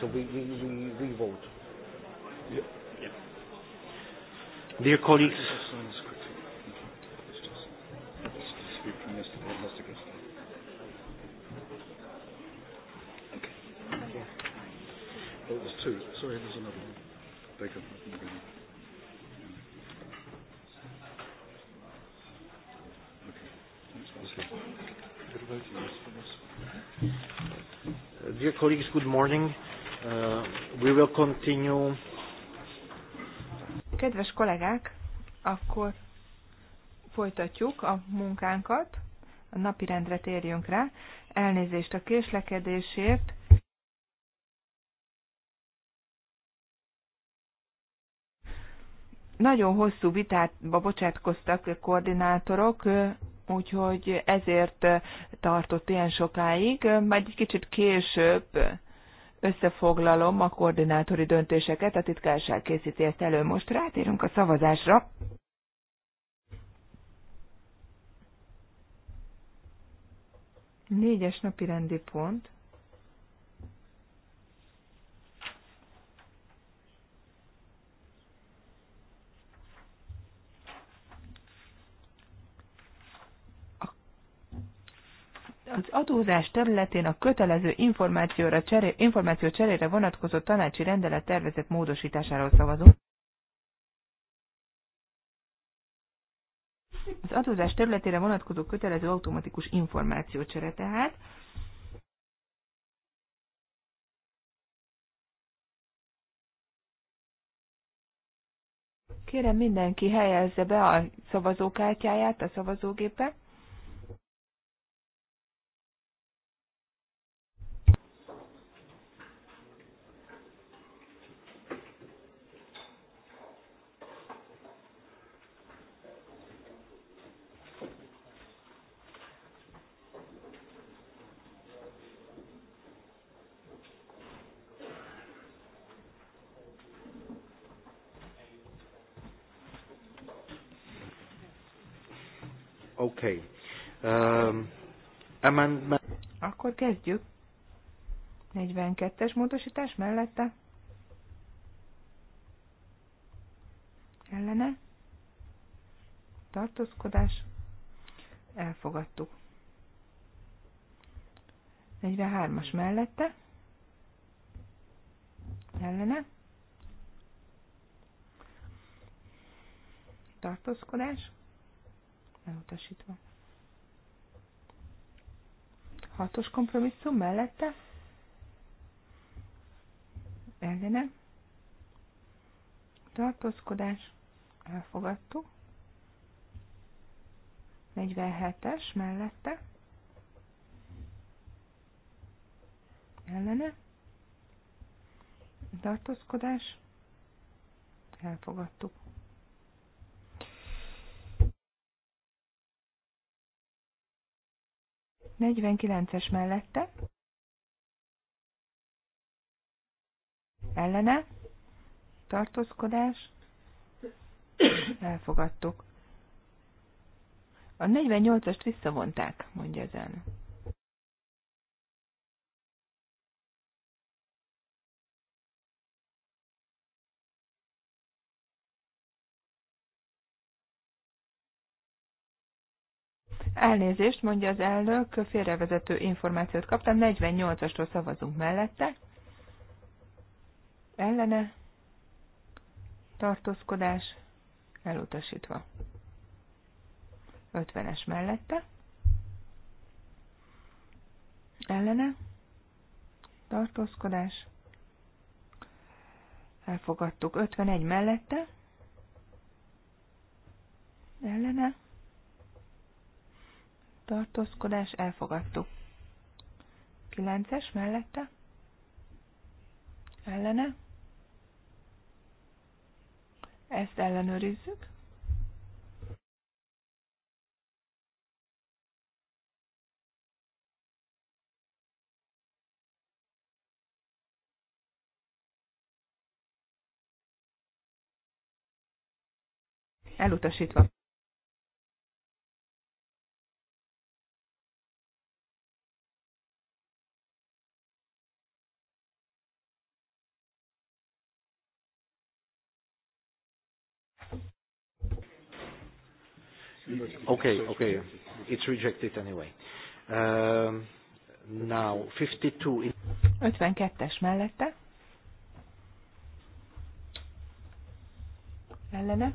So we, we, we, we vote. Yeah. Yeah. Dear colleagues, Dear colleagues, good morning. Uh, we will continue. Kedves kollégák, akkor folytatjuk a munkánkat, a napi rendre térjünk rá. Elnézést a késlekedésért. Nagyon hosszú vitátba bocsátkoztak a koordinátorok, úgyhogy ezért tartott ilyen sokáig, majd egy kicsit később összefoglalom a koordinátori döntéseket, a titkárság készíti ezt elő. Most rátérünk a szavazásra. Négyes napi rendi pont. az adózás területén a kötelező információra cseré, információ cserére vonatkozó tanácsi rendelet tervezett módosításáról szavazunk. Az adózás területére vonatkozó kötelező automatikus információcsere tehát. Kérem mindenki helyezze be a szavazókártyáját a szavazógépe. Okay. Um, amendment. Akkor kezdjük. 42-es módosítás mellette. Ellene. Tartózkodás. Elfogadtuk. 43-as mellette. Ellene. Tartózkodás elutasítva. Hatos kompromisszum mellette, ellene, tartózkodás, elfogadtuk. 47-es mellette, ellene, tartózkodás, elfogadtuk. 49-es mellette. Ellene. Tartózkodás. Elfogadtuk. A 48-ast visszavonták, mondja az elnök. Elnézést, mondja az elnök, félrevezető információt kaptam, 48-astól szavazunk mellette. Ellene, tartózkodás, elutasítva. 50-es mellette. Ellene, tartózkodás, elfogadtuk. 51 mellette, ellene, tartózkodás elfogadtuk. Kilences mellette, ellene, ezt ellenőrizzük. Elutasítva. Okay, okay. It's rejected anyway. Um, now, 52. 52-es mellette. Ellene.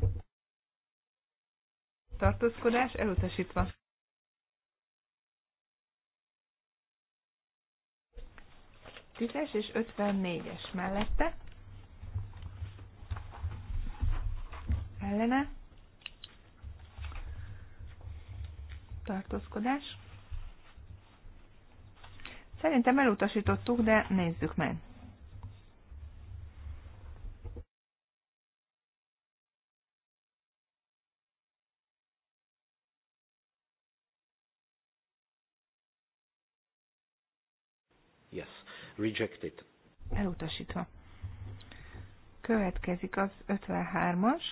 Tartózkodás elutasítva. Tízes és 54-es mellette. Ellene tartózkodás. Szerintem elutasítottuk, de nézzük meg. Yes, rejected. Elutasítva. Következik az 53-as.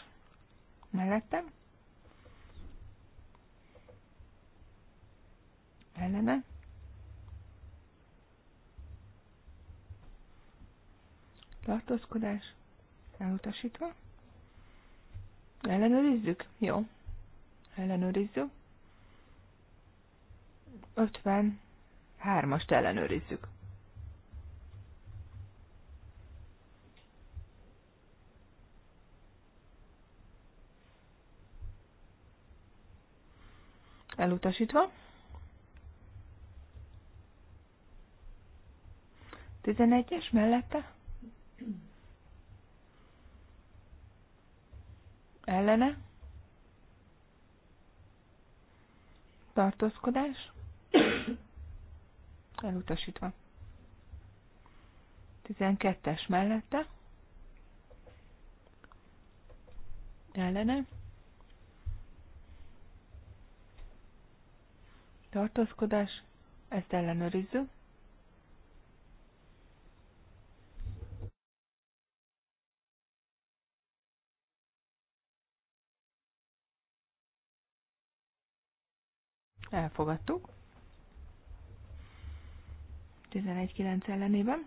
Mellettem. ellene. Tartózkodás elutasítva. Ellenőrizzük? Jó. Ellenőrizzük. 53-ast ellenőrizzük. Elutasítva. 11-es mellette? Ellene? Tartózkodás? Elutasítva. 12-es mellette? Ellene? Tartózkodás? Ezt ellenőrizzük. Elfogadtuk. 11-9 ellenében.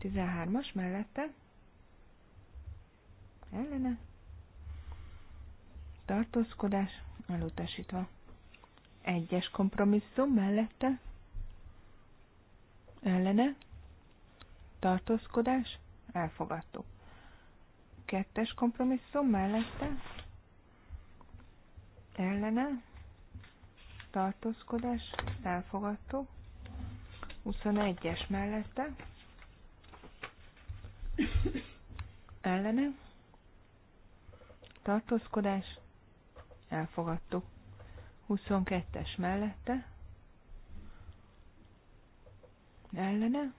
13-as mellette. Ellene. Tartózkodás elutasítva. Egyes kompromisszum mellette. Ellene. Tartózkodás elfogadtuk. Kettes kompromisszum mellette ellene, tartózkodás, elfogadtuk. 21-es mellette, ellene, tartózkodás, elfogadtuk. 22-es mellette, ellene,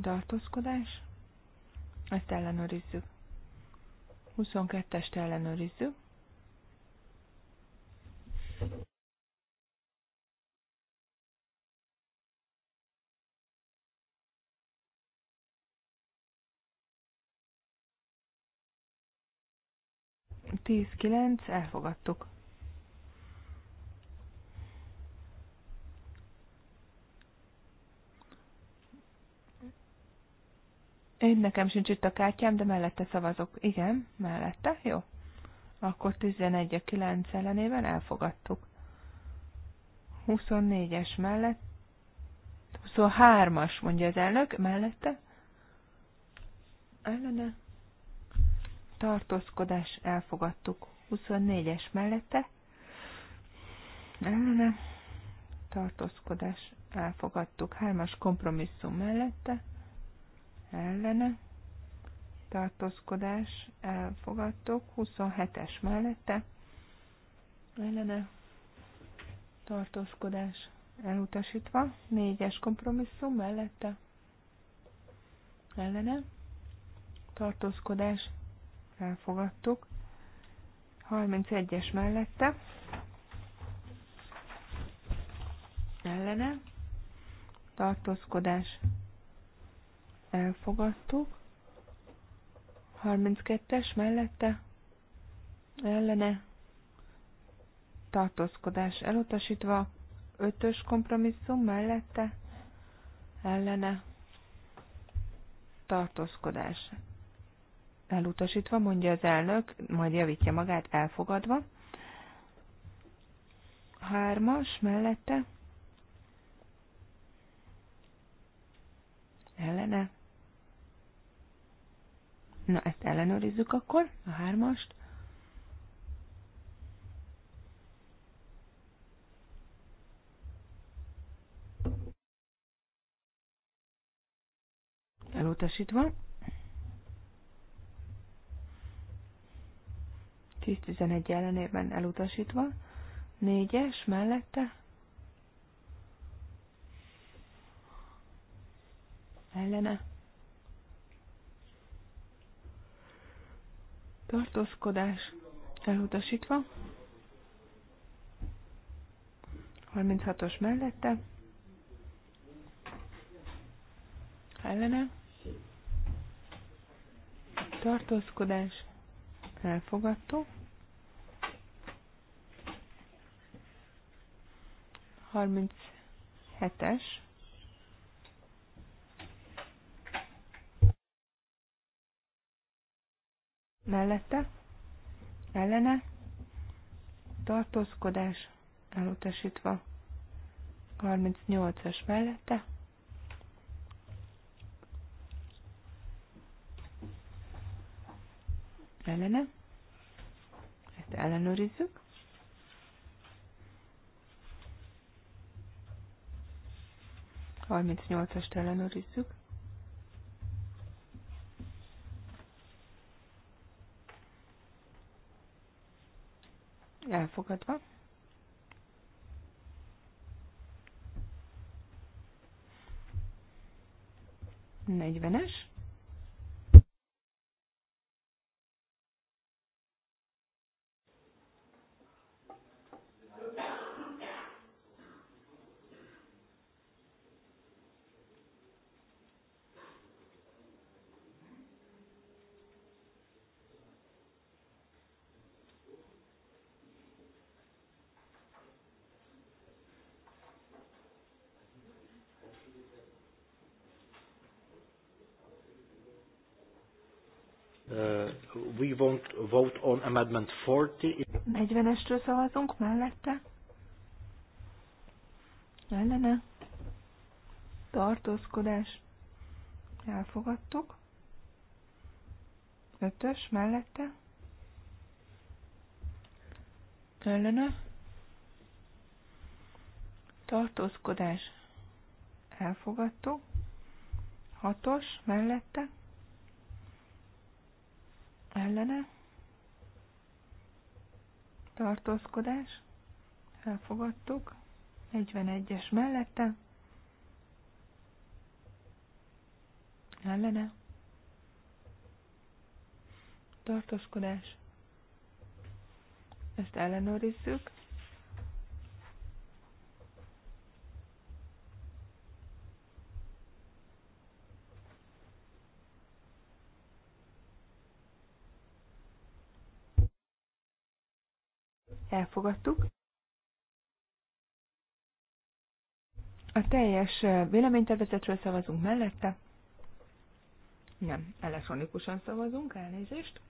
tartózkodás, ezt ellenőrizzük. 22-est ellenőrizzük. Tíz kilenc, elfogadtuk. Én nekem sincs itt a kártyám, de mellette szavazok. Igen, mellette, jó. Akkor 11 a 9 ellenében elfogadtuk. 24-es mellett, 23-as mondja az elnök, mellette, ellene, tartózkodás elfogadtuk. 24-es mellette, ellene, tartózkodás elfogadtuk. 3-as kompromisszum mellette, ellene, tartózkodás elfogadtok, 27-es mellette, ellene, tartózkodás elutasítva, 4-es kompromisszum mellette, ellene, tartózkodás elfogadtuk, 31-es mellette, ellene, tartózkodás elfogadtuk. 32-es mellette ellene tartózkodás elutasítva, 5-ös kompromisszum mellette ellene tartózkodás elutasítva, mondja az elnök, majd javítja magát elfogadva. 3-as mellette ellene Na, ezt ellenőrizzük akkor, a hármast. Elutasítva. 10-11 ellenében elutasítva. 4-es mellette. Ellene. 10-11. tartózkodás elutasítva, 36-os mellette, ellene, tartózkodás elfogadtó, 37-es mellette, ellene, tartózkodás elutasítva, 38-as mellette, ellene, ezt ellenőrizzük, Harmincnyolcast ellenőrizzük. elfogadva. Negyvenes. 40-esről szavazunk, mellette, ellene, tartózkodás, elfogadtuk, Ötös mellette, ellene, tartózkodás, elfogadtuk, Hatos mellette, ellene, tartózkodás, elfogadtuk, 41-es mellette, ellene, tartózkodás, ezt ellenőrizzük, elfogadtuk. A teljes véleménytervezetről szavazunk mellette. Nem, elektronikusan szavazunk, elnézést.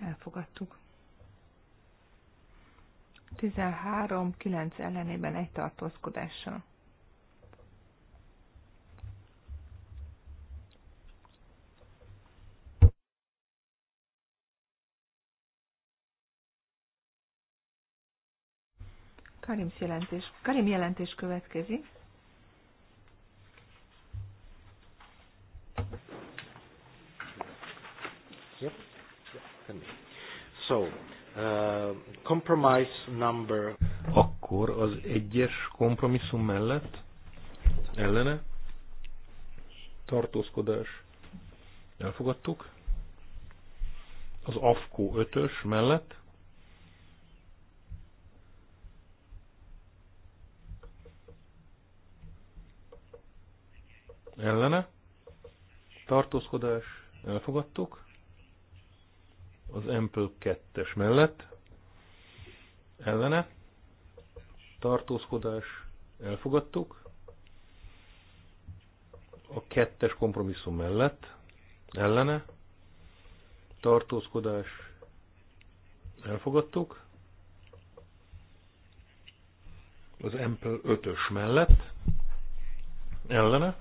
Elfogadtuk. 13-9 ellenében egy tartózkodással. Karim jelentés, Karim jelentés következik. Yep. So, uh, compromise number. Akkor az egyes kompromisszum mellett ellene tartózkodás elfogadtuk. Az AFKO 5-ös mellett ellene, tartózkodás, elfogadtuk, az Ample 2-es mellett, ellene, tartózkodás, elfogadtuk, a kettes kompromisszum mellett, ellene, tartózkodás, elfogadtuk, az Ample 5-ös mellett, ellene,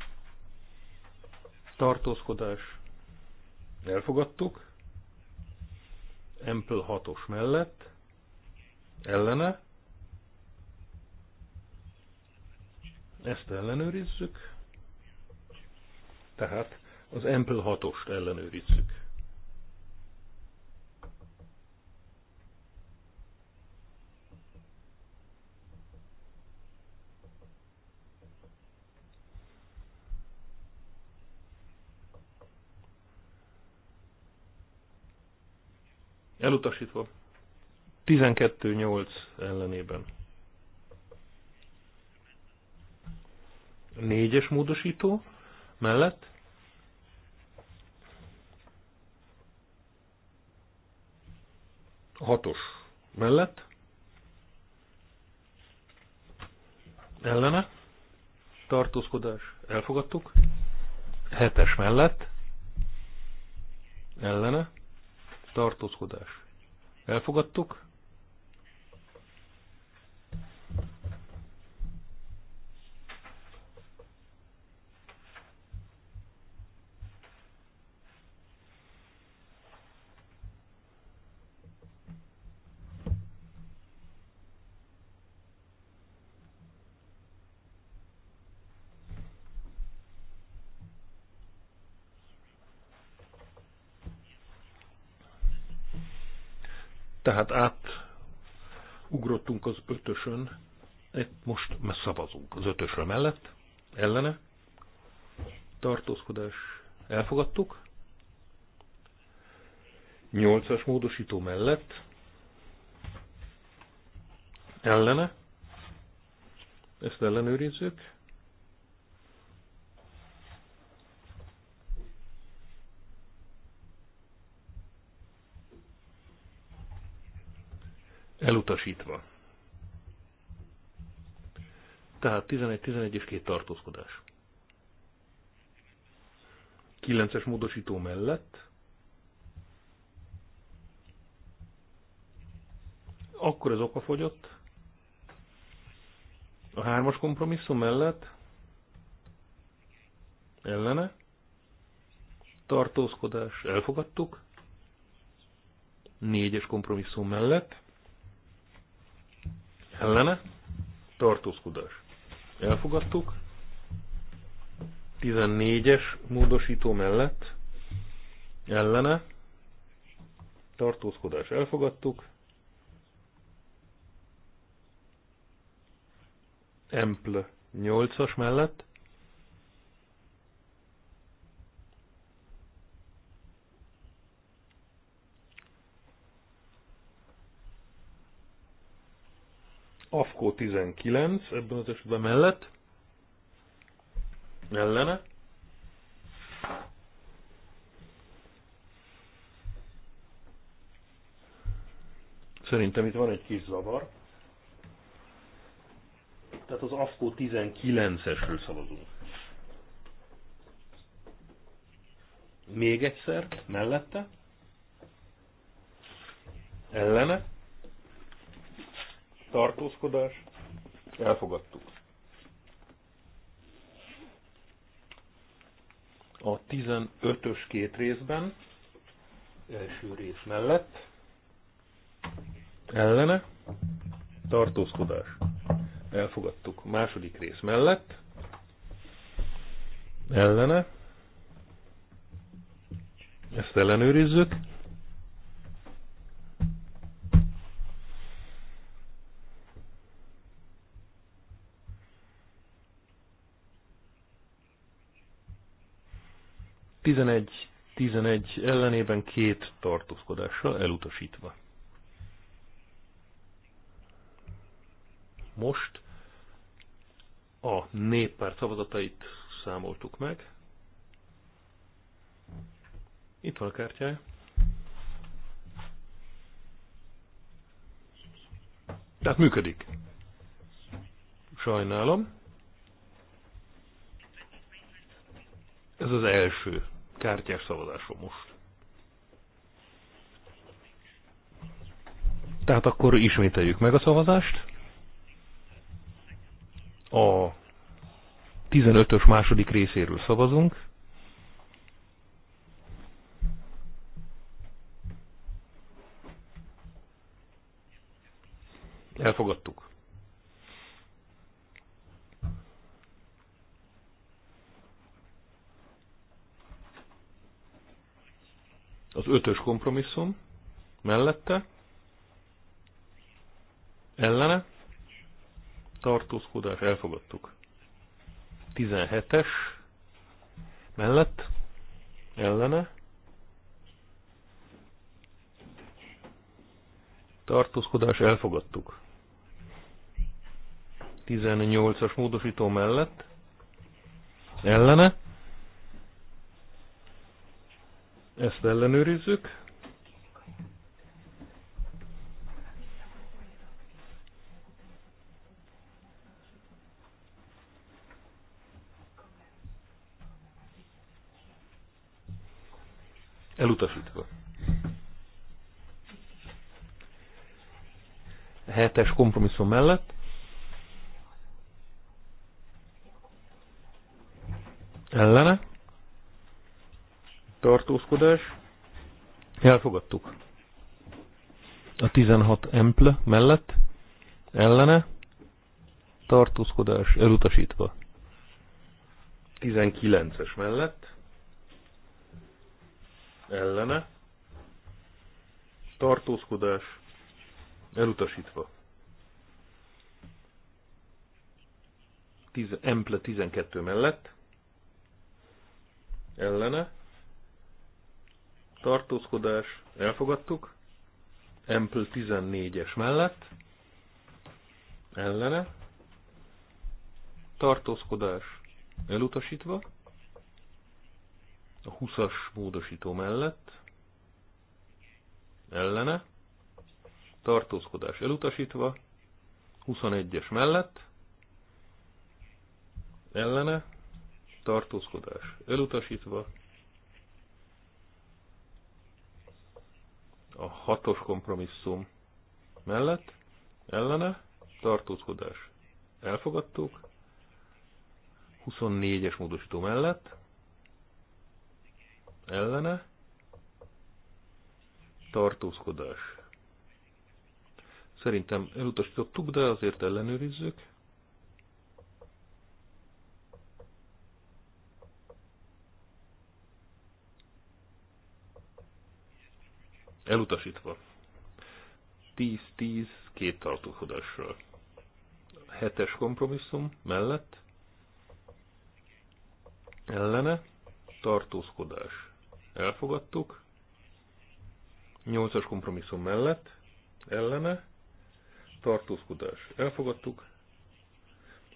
tartózkodás elfogadtuk, Ample 6-os mellett, ellene, ezt ellenőrizzük, tehát az Ample 6-ost ellenőrizzük. Elutasítva. 12-8 ellenében. Négyes módosító mellett. Hatos mellett. Ellene. Tartózkodás. Elfogadtuk. Hetes mellett. Ellene tartózkodás. Elfogadtuk. tehát át ugrottunk az ötösön, most szavazunk az ötösről mellett, ellene, tartózkodás, elfogadtuk, nyolcas módosító mellett, ellene, ezt ellenőrizzük, Elutasítva. Tehát 11-11 és két tartózkodás. 9-es módosító mellett akkor ez okafogyott. A hármas kompromisszum mellett ellene tartózkodás elfogadtuk. Négyes kompromisszum mellett ellene, tartózkodás. Elfogadtuk. 14-es módosító mellett, ellene, tartózkodás. Elfogadtuk. Empl 8-as mellett, AFKO 19 ebben az esetben mellett, ellene. Szerintem itt van egy kis zavar. Tehát az AFKO 19-esről szavazunk. Még egyszer, mellette. Ellene tartózkodás, elfogadtuk. A 15-ös két részben, első rész mellett, ellene, tartózkodás, elfogadtuk. Második rész mellett, ellene, ezt ellenőrizzük, 11-11 ellenében két tartózkodással elutasítva. Most a néppárt szavazatait számoltuk meg. Itt van a kártyája. Tehát működik. Sajnálom. Ez az első kártyás szavazásról most. Tehát akkor ismételjük meg a szavazást. A 15-ös második részéről szavazunk. Elfogadtuk. ötös kompromisszum mellette, ellene, tartózkodás, elfogadtuk. 17-es mellett, ellene, tartózkodás, elfogadtuk. 18-as módosító mellett, ellene, Ezt ellenőrizzük. Elutasítva. Hetes kompromisszum mellett. Ellene tartózkodás, elfogadtuk. A 16 emple mellett, ellene, tartózkodás elutasítva. 19-es mellett, ellene, tartózkodás elutasítva. emple 12 mellett, ellene, tartózkodás, elfogadtuk. Ample 14-es mellett, ellene, tartózkodás elutasítva, a 20-as módosító mellett, ellene, tartózkodás elutasítva, 21-es mellett, ellene, tartózkodás elutasítva, a hatos kompromisszum mellett, ellene, tartózkodás elfogadtuk, 24-es módosító mellett, ellene, tartózkodás. Szerintem elutasítottuk, de azért ellenőrizzük. Elutasítva. 10-10 két tartózkodással. Hetes kompromisszum mellett ellene tartózkodás. Elfogadtuk. Nyolcas kompromisszum mellett ellene tartózkodás. Elfogadtuk.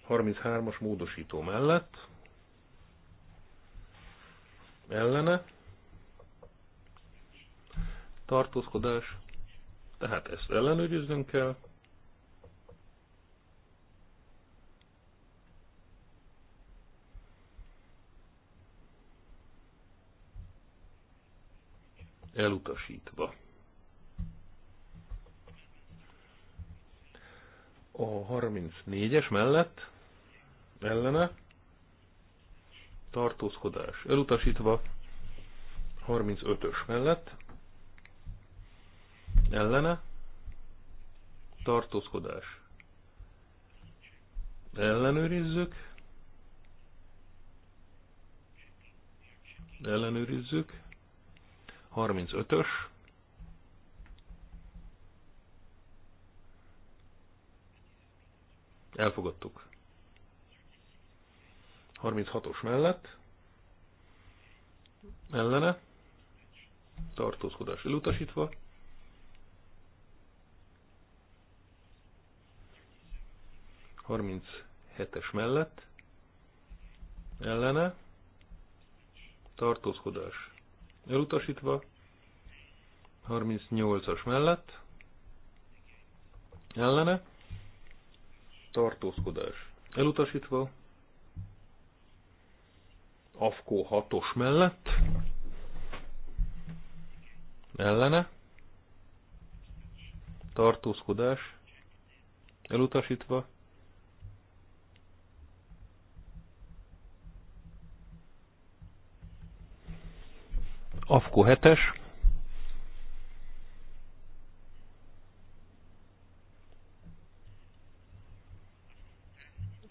33-as módosító mellett ellene tartózkodás, tehát ezt ellenőriznünk kell. Elutasítva. A 34-es mellett ellene tartózkodás elutasítva 35-ös mellett ellene, tartózkodás. Ellenőrizzük, ellenőrizzük, 35-ös, elfogadtuk. 36-os mellett, ellene, tartózkodás elutasítva, 37-es mellett ellene tartózkodás elutasítva, 38-as mellett ellene tartózkodás elutasítva, AFKO 6-os mellett ellene tartózkodás elutasítva, AFKO 7-es,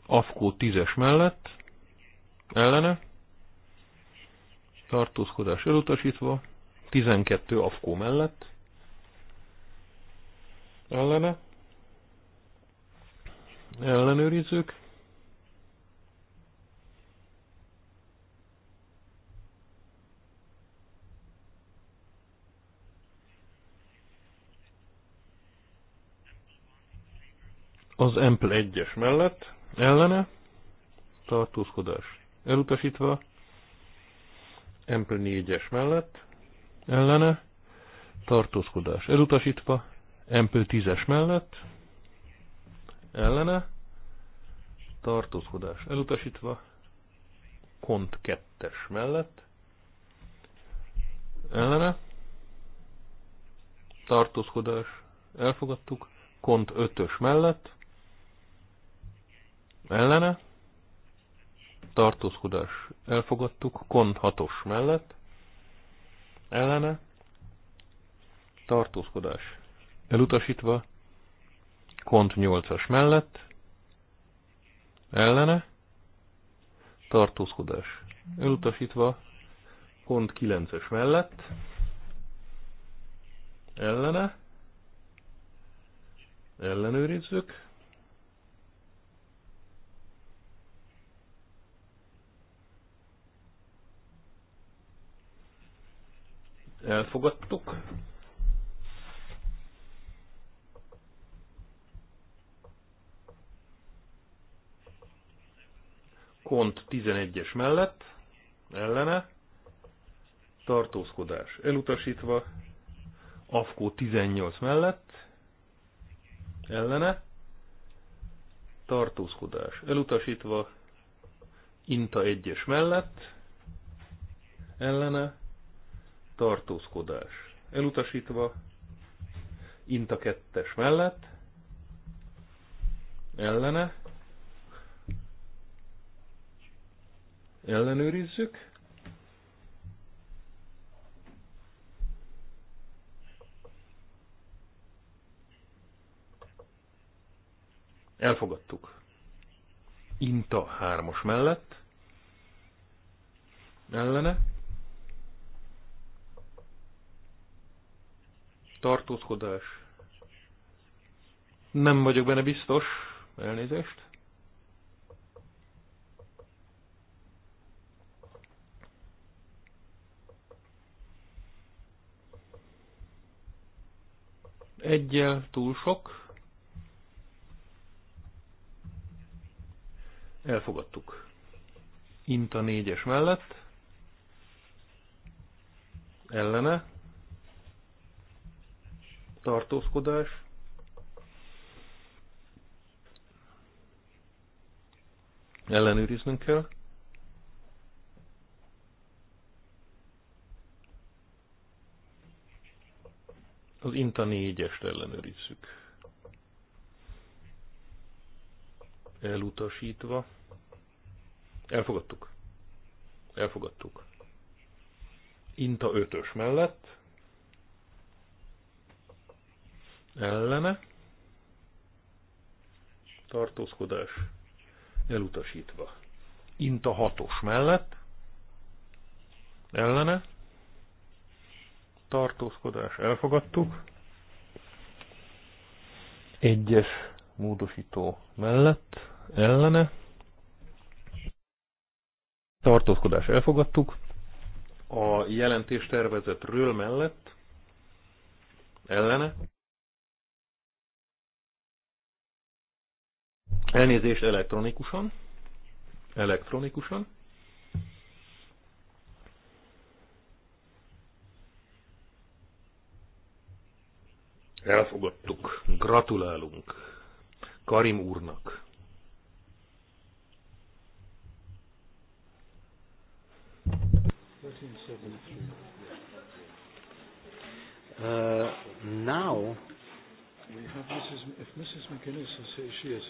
AFKO 10-es mellett, ellene, tartózkodás elutasítva, 12 AFKO mellett, ellene, ellenőrizzük, az Ample 1-es mellett ellene tartózkodás elutasítva, Ample 4-es mellett ellene tartózkodás elutasítva, Ample 10-es mellett ellene tartózkodás elutasítva, Kont 2-es mellett ellene tartózkodás elfogadtuk, Kont 5-ös mellett ellene, tartózkodás elfogadtuk, kon 6-os mellett, ellene, tartózkodás elutasítva, kont 8-as mellett, ellene, tartózkodás elutasítva, kont 9-es mellett, ellene, ellenőrizzük, elfogadtuk. Kont 11-es mellett, ellene, tartózkodás elutasítva, Afkó 18 mellett, ellene, tartózkodás elutasítva, Inta 1-es mellett, ellene, tartózkodás elutasítva, Inta 2 mellett, ellene, ellenőrizzük, Elfogadtuk. Inta hármas mellett. Ellene. tartózkodás. Nem vagyok benne biztos, elnézést. Egyel túl sok. Elfogadtuk. Inta négyes mellett. Ellene tartózkodás, ellenőriznünk kell. Az Inta 4-est ellenőrizzük. Elutasítva. Elfogadtuk. Elfogadtuk. Inta 5-ös mellett ellene, tartózkodás elutasítva. Inta hatos mellett, ellene, tartózkodás elfogadtuk, egyes módosító mellett, ellene, tartózkodás elfogadtuk, a jelentéstervezetről mellett, ellene, Elnézést elektronikusan. Elektronikusan. Elfogadtuk. Gratulálunk Karim úrnak. Uh, now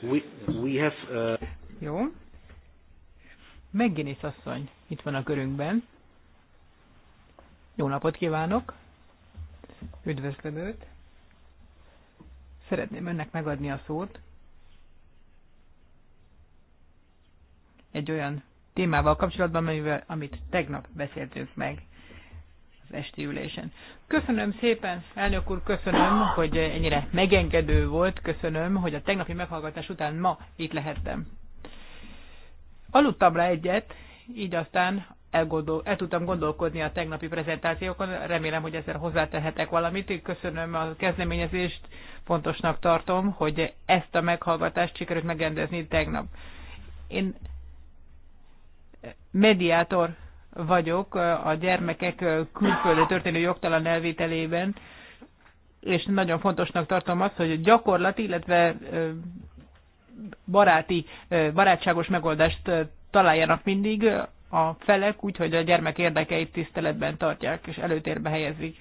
We, we have, uh... Jó. Megginis asszony, itt van a körünkben. Jó napot kívánok! Üdvözlöm őt! Szeretném önnek megadni a szót. Egy olyan témával kapcsolatban, amivel, amit tegnap beszéltünk meg az esti ülésen. Köszönöm szépen, elnök úr, köszönöm, hogy ennyire megengedő volt, köszönöm, hogy a tegnapi meghallgatás után ma itt lehettem. Aludtam rá egyet, így aztán elgondol, el tudtam gondolkodni a tegnapi prezentációkon, remélem, hogy ezzel hozzátehetek valamit. Köszönöm a kezdeményezést, fontosnak tartom, hogy ezt a meghallgatást sikerült megrendezni tegnap. Én mediátor vagyok a gyermekek külföldre történő jogtalan elvételében, és nagyon fontosnak tartom azt, hogy gyakorlati, illetve baráti, barátságos megoldást találjanak mindig a felek, úgyhogy a gyermek érdekeit tiszteletben tartják és előtérbe helyezik.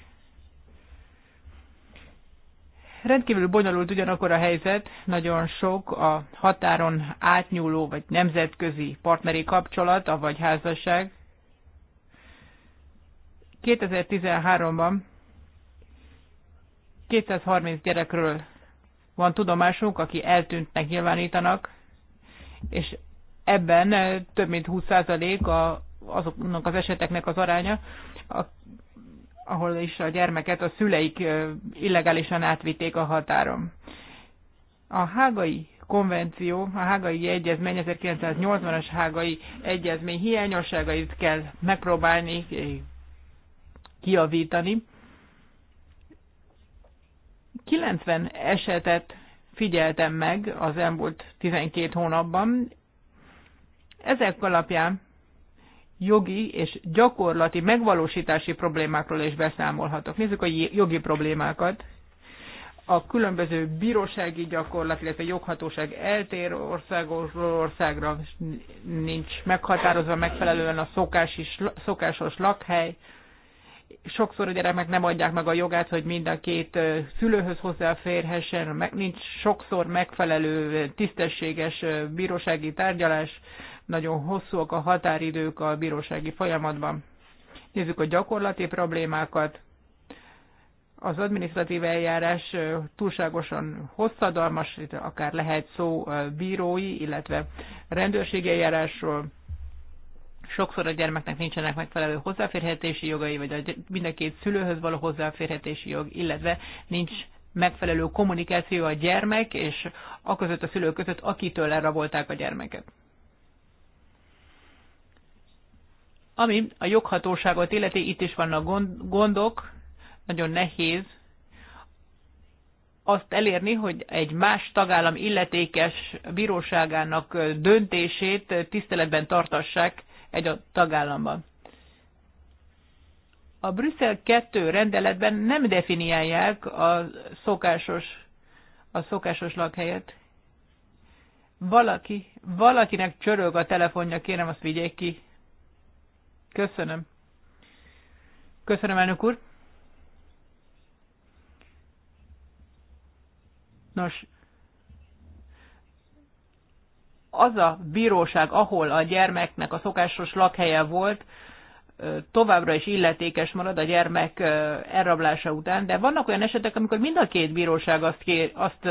Rendkívül bonyolult ugyanakkor a helyzet, nagyon sok a határon átnyúló vagy nemzetközi partneri kapcsolat, vagy házasság, 2013-ban 230 gyerekről van tudomásunk, aki eltűntnek nyilvánítanak, és ebben eh, több mint 20% a azoknak az eseteknek az aránya, a, ahol is a gyermeket a szüleik eh, illegálisan átvitték a határon. A hágai konvenció, a hágai egyezmény, 1980-as hágai egyezmény hiányosságait kell megpróbálni eh, kiavítani. 90 esetet figyeltem meg az elmúlt 12 hónapban. Ezek alapján jogi és gyakorlati megvalósítási problémákról is beszámolhatok. Nézzük a jogi problémákat. A különböző bírósági gyakorlat, illetve joghatóság eltér országról országra nincs meghatározva megfelelően a szokásos lakhely, sokszor a gyermek nem adják meg a jogát, hogy mind a két szülőhöz hozzáférhessen, nincs sokszor megfelelő tisztességes bírósági tárgyalás, nagyon hosszúak a határidők a bírósági folyamatban. Nézzük a gyakorlati problémákat. Az adminisztratív eljárás túlságosan hosszadalmas, akár lehet szó bírói, illetve rendőrségi eljárásról, Sokszor a gyermeknek nincsenek megfelelő hozzáférhetési jogai, vagy a mind a két szülőhöz való hozzáférhetési jog, illetve nincs megfelelő kommunikáció a gyermek és a között a szülő között, akitől elrabolták a gyermeket. Ami a joghatóságot illeti, itt is vannak gondok, nagyon nehéz azt elérni, hogy egy más tagállam illetékes bíróságának döntését tiszteletben tartassák egy a tagállamban. A Brüsszel 2 rendeletben nem definiálják a szokásos, a szokásos lakhelyet. Valaki, valakinek csörög a telefonja, kérem azt vigyék ki. Köszönöm. Köszönöm, elnök úr. Nos, az a bíróság, ahol a gyermeknek a szokásos lakhelye volt, továbbra is illetékes marad a gyermek elrablása után, de vannak olyan esetek, amikor mind a két bíróság azt, kér, azt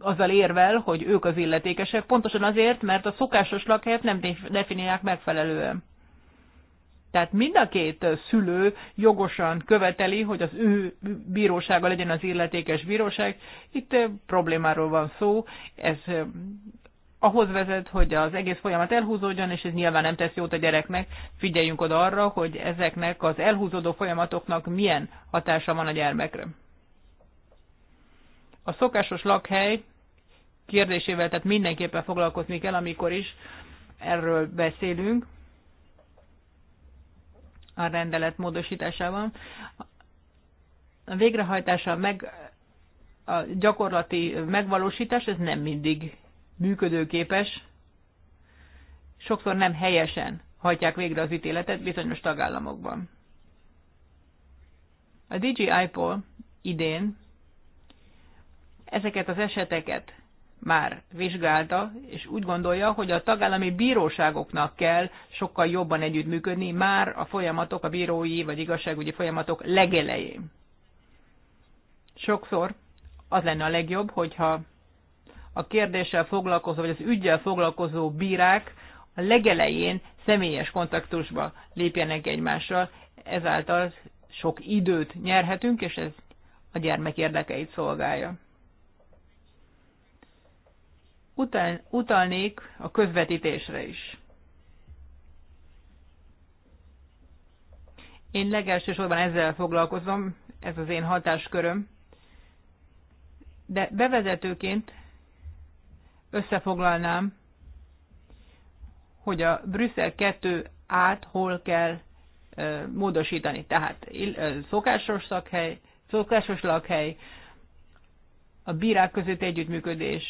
azzal érvel, hogy ők az illetékesek, pontosan azért, mert a szokásos lakhelyet nem definiálják megfelelően. Tehát mind a két szülő jogosan követeli, hogy az ő bírósága legyen az illetékes bíróság. Itt problémáról van szó, ez ahhoz vezet, hogy az egész folyamat elhúzódjon, és ez nyilván nem tesz jót a gyereknek. Figyeljünk oda arra, hogy ezeknek az elhúzódó folyamatoknak milyen hatása van a gyermekre. A szokásos lakhely kérdésével, tehát mindenképpen foglalkozni kell, amikor is erről beszélünk a rendelet módosításában. A végrehajtása meg a gyakorlati megvalósítás, ez nem mindig működőképes, sokszor nem helyesen hajtják végre az ítéletet bizonyos tagállamokban. A DJI-pol idén ezeket az eseteket már vizsgálta, és úgy gondolja, hogy a tagállami bíróságoknak kell sokkal jobban együttműködni már a folyamatok, a bírói vagy igazságügyi folyamatok legelején. Sokszor az lenne a legjobb, hogyha a kérdéssel foglalkozó, vagy az ügyel foglalkozó bírák a legelején személyes kontaktusba lépjenek egymással, ezáltal sok időt nyerhetünk, és ez a gyermek érdekeit szolgálja. Utal, utalnék a közvetítésre is. Én legelsősorban ezzel foglalkozom, ez az én hatásköröm, de bevezetőként összefoglalnám, hogy a Brüsszel 2-át hol kell módosítani. Tehát szokásos szakhely, szokásos lakhely, a bírák között együttműködés,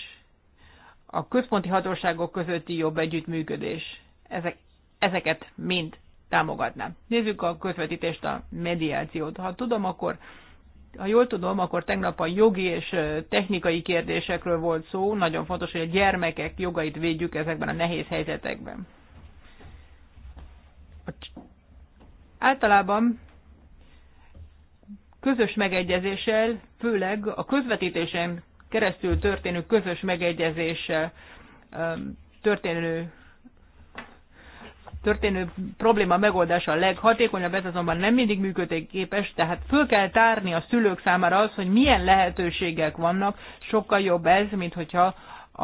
a központi hatóságok közötti jobb együttműködés. Ezek, ezeket mind támogatnám. Nézzük a közvetítést, a mediációt. Ha tudom, akkor ha jól tudom, akkor tegnap a jogi és technikai kérdésekről volt szó. Nagyon fontos, hogy a gyermekek jogait védjük ezekben a nehéz helyzetekben. Általában közös megegyezéssel, főleg a közvetítésen keresztül történő közös megegyezéssel történő történő probléma megoldása a leghatékonyabb, ez azonban nem mindig működőképes, tehát föl kell tárni a szülők számára az, hogy milyen lehetőségek vannak, sokkal jobb ez, mint hogyha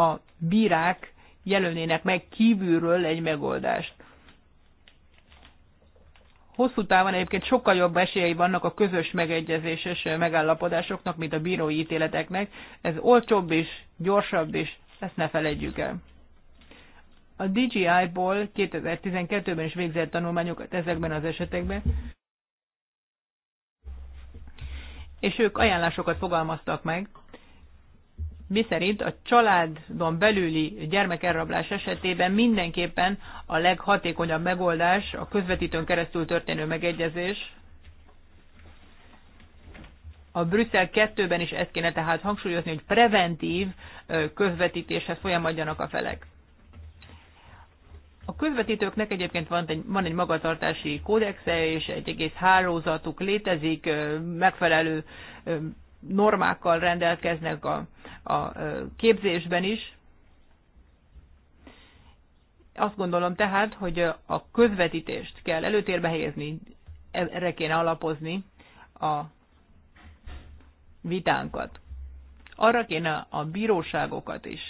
a bírák jelölnének meg kívülről egy megoldást. Hosszú távon egyébként sokkal jobb esélyei vannak a közös megegyezéses megállapodásoknak, mint a bírói ítéleteknek. Ez olcsóbb is, gyorsabb is, ezt ne felejtjük el. A dji ból 2012-ben is végzett tanulmányokat ezekben az esetekben, és ők ajánlásokat fogalmaztak meg, miszerint a családon belüli gyermekelrablás esetében mindenképpen a leghatékonyabb megoldás a közvetítőn keresztül történő megegyezés. A Brüsszel 2-ben is ezt kéne tehát hangsúlyozni, hogy preventív közvetítéshez folyamodjanak a felek közvetítőknek egyébként van egy, van egy magatartási kódexe, és egy egész hálózatuk létezik, megfelelő normákkal rendelkeznek a, a képzésben is. Azt gondolom tehát, hogy a közvetítést kell előtérbe helyezni, erre kéne alapozni a vitánkat. Arra kéne a bíróságokat is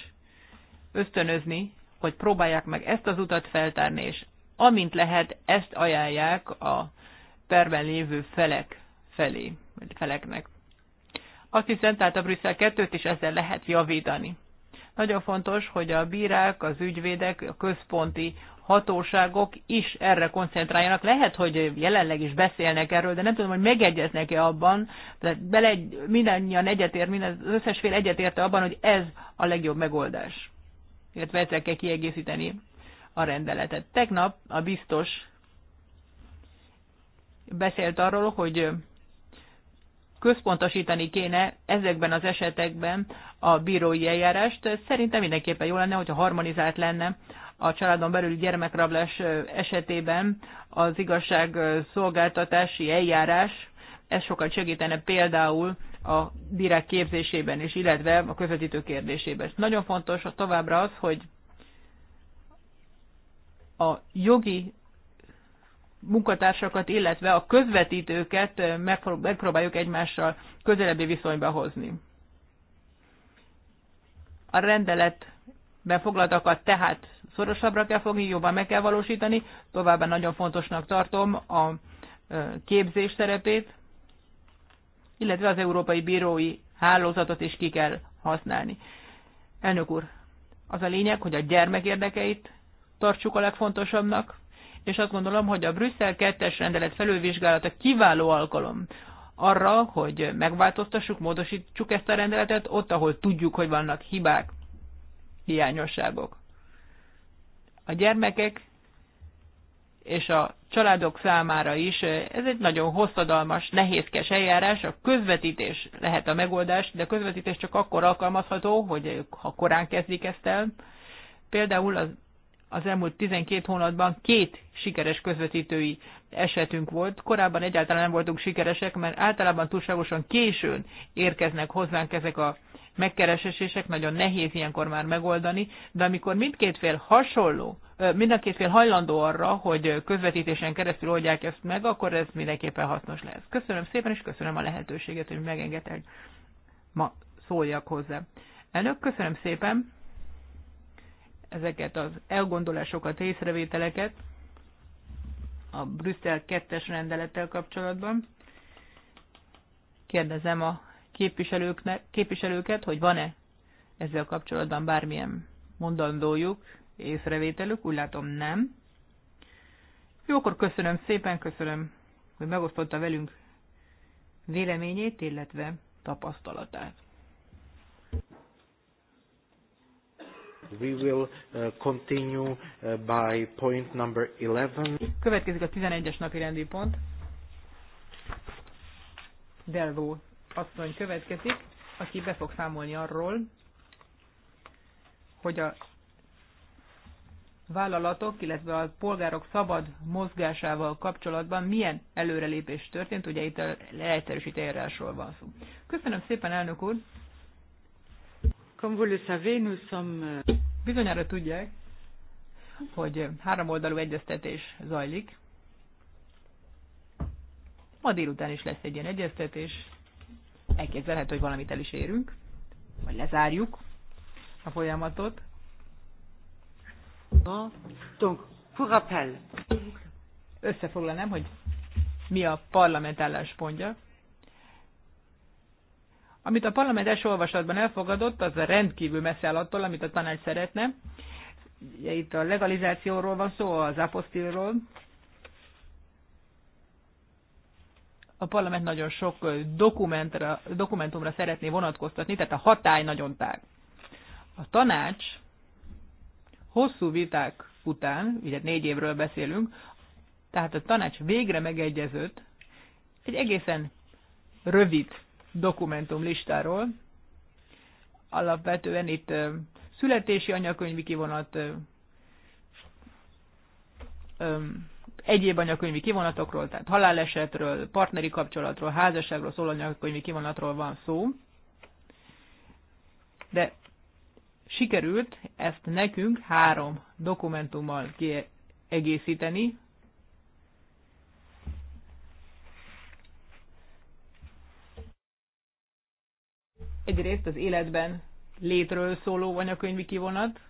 ösztönözni, hogy próbálják meg ezt az utat feltárni, és amint lehet, ezt ajánlják a perben lévő felek felé, vagy feleknek. Azt hiszem, tehát a Brüsszel 2-t is ezzel lehet javítani. Nagyon fontos, hogy a bírák, az ügyvédek, a központi hatóságok is erre koncentráljanak. Lehet, hogy jelenleg is beszélnek erről, de nem tudom, hogy megegyeznek-e abban, tehát bele, mindannyian egyetért, minden, az összes fél egyetérte abban, hogy ez a legjobb megoldás illetve ezzel kell kiegészíteni a rendeletet. Tegnap a biztos beszélt arról, hogy központosítani kéne ezekben az esetekben a bírói eljárást. Szerintem mindenképpen jó lenne, hogyha harmonizált lenne a családon belüli gyermekrablás esetében az igazságszolgáltatási eljárás. Ez sokat segítene például a direkt képzésében is, illetve a közvetítő kérdésében. Ez nagyon fontos a továbbra az, hogy a jogi munkatársakat, illetve a közvetítőket megpróbáljuk egymással közelebbi viszonyba hozni. A rendeletben foglaltakat tehát szorosabbra kell fogni, jobban meg kell valósítani, továbbá nagyon fontosnak tartom a képzés szerepét, illetve az Európai Bírói Hálózatot is ki kell használni. Elnök úr, az a lényeg, hogy a gyermek érdekeit tartsuk a legfontosabbnak, és azt gondolom, hogy a Brüsszel 2-es rendelet felülvizsgálata kiváló alkalom arra, hogy megváltoztassuk, módosítsuk ezt a rendeletet ott, ahol tudjuk, hogy vannak hibák, hiányosságok. A gyermekek és a családok számára is. Ez egy nagyon hosszadalmas, nehézkes eljárás. A közvetítés lehet a megoldás, de a közvetítés csak akkor alkalmazható, hogy ha korán kezdik ezt el. Például az az elmúlt 12 hónapban két sikeres közvetítői esetünk volt. Korábban egyáltalán nem voltunk sikeresek, mert általában túlságosan későn érkeznek hozzánk ezek a megkeresések, nagyon nehéz ilyenkor már megoldani, de amikor mindkét fél hasonló, mind a két fél hajlandó arra, hogy közvetítésen keresztül oldják ezt meg, akkor ez mindenképpen hasznos lesz. Köszönöm szépen, és köszönöm a lehetőséget, hogy megengedtek ma szóljak hozzá. Elnök, köszönöm szépen! ezeket az elgondolásokat, észrevételeket a Brüsszel kettes rendelettel kapcsolatban. Kérdezem a képviselőknek, képviselőket, hogy van-e ezzel kapcsolatban bármilyen mondandójuk, észrevételük, úgy látom nem. Jó, akkor köszönöm szépen, köszönöm, hogy megosztotta velünk véleményét, illetve tapasztalatát. We will uh, continue uh, by point number 11. Következik a 11-es napi rendi pont. Delvó asszony következik, aki be fog számolni arról, hogy a vállalatok, illetve a polgárok szabad mozgásával kapcsolatban milyen előrelépés történt, ugye itt a leegyszerűsítő van szó. Köszönöm szépen, elnök úr! Comme vous le savez, nous sommes... Euh, Bizonyára tudják, hogy háromoldalú egyeztetés zajlik. Ma délután is lesz egy ilyen egyeztetés. Elképzelhető, hogy valamit el is érünk, vagy lezárjuk a folyamatot. Donc, pour rappel. Összefoglalnám, hogy mi a parlament álláspontja. Amit a parlament első olvasatban elfogadott, az rendkívül messze áll attól, amit a tanács szeretne. itt a legalizációról van szó, az apostilról. A parlament nagyon sok dokumentumra szeretné vonatkoztatni, tehát a hatály nagyon tág. A tanács hosszú viták után, ugye négy évről beszélünk, tehát a tanács végre megegyezött egy egészen rövid dokumentum listáról. Alapvetően itt születési anyakönyvi kivonat, egyéb anyakönyvi kivonatokról, tehát halálesetről, partneri kapcsolatról, házasságról szóló anyakönyvi kivonatról van szó. De sikerült ezt nekünk három dokumentummal kiegészíteni, Egyrészt az életben létről szóló anyakönyvi kivonat.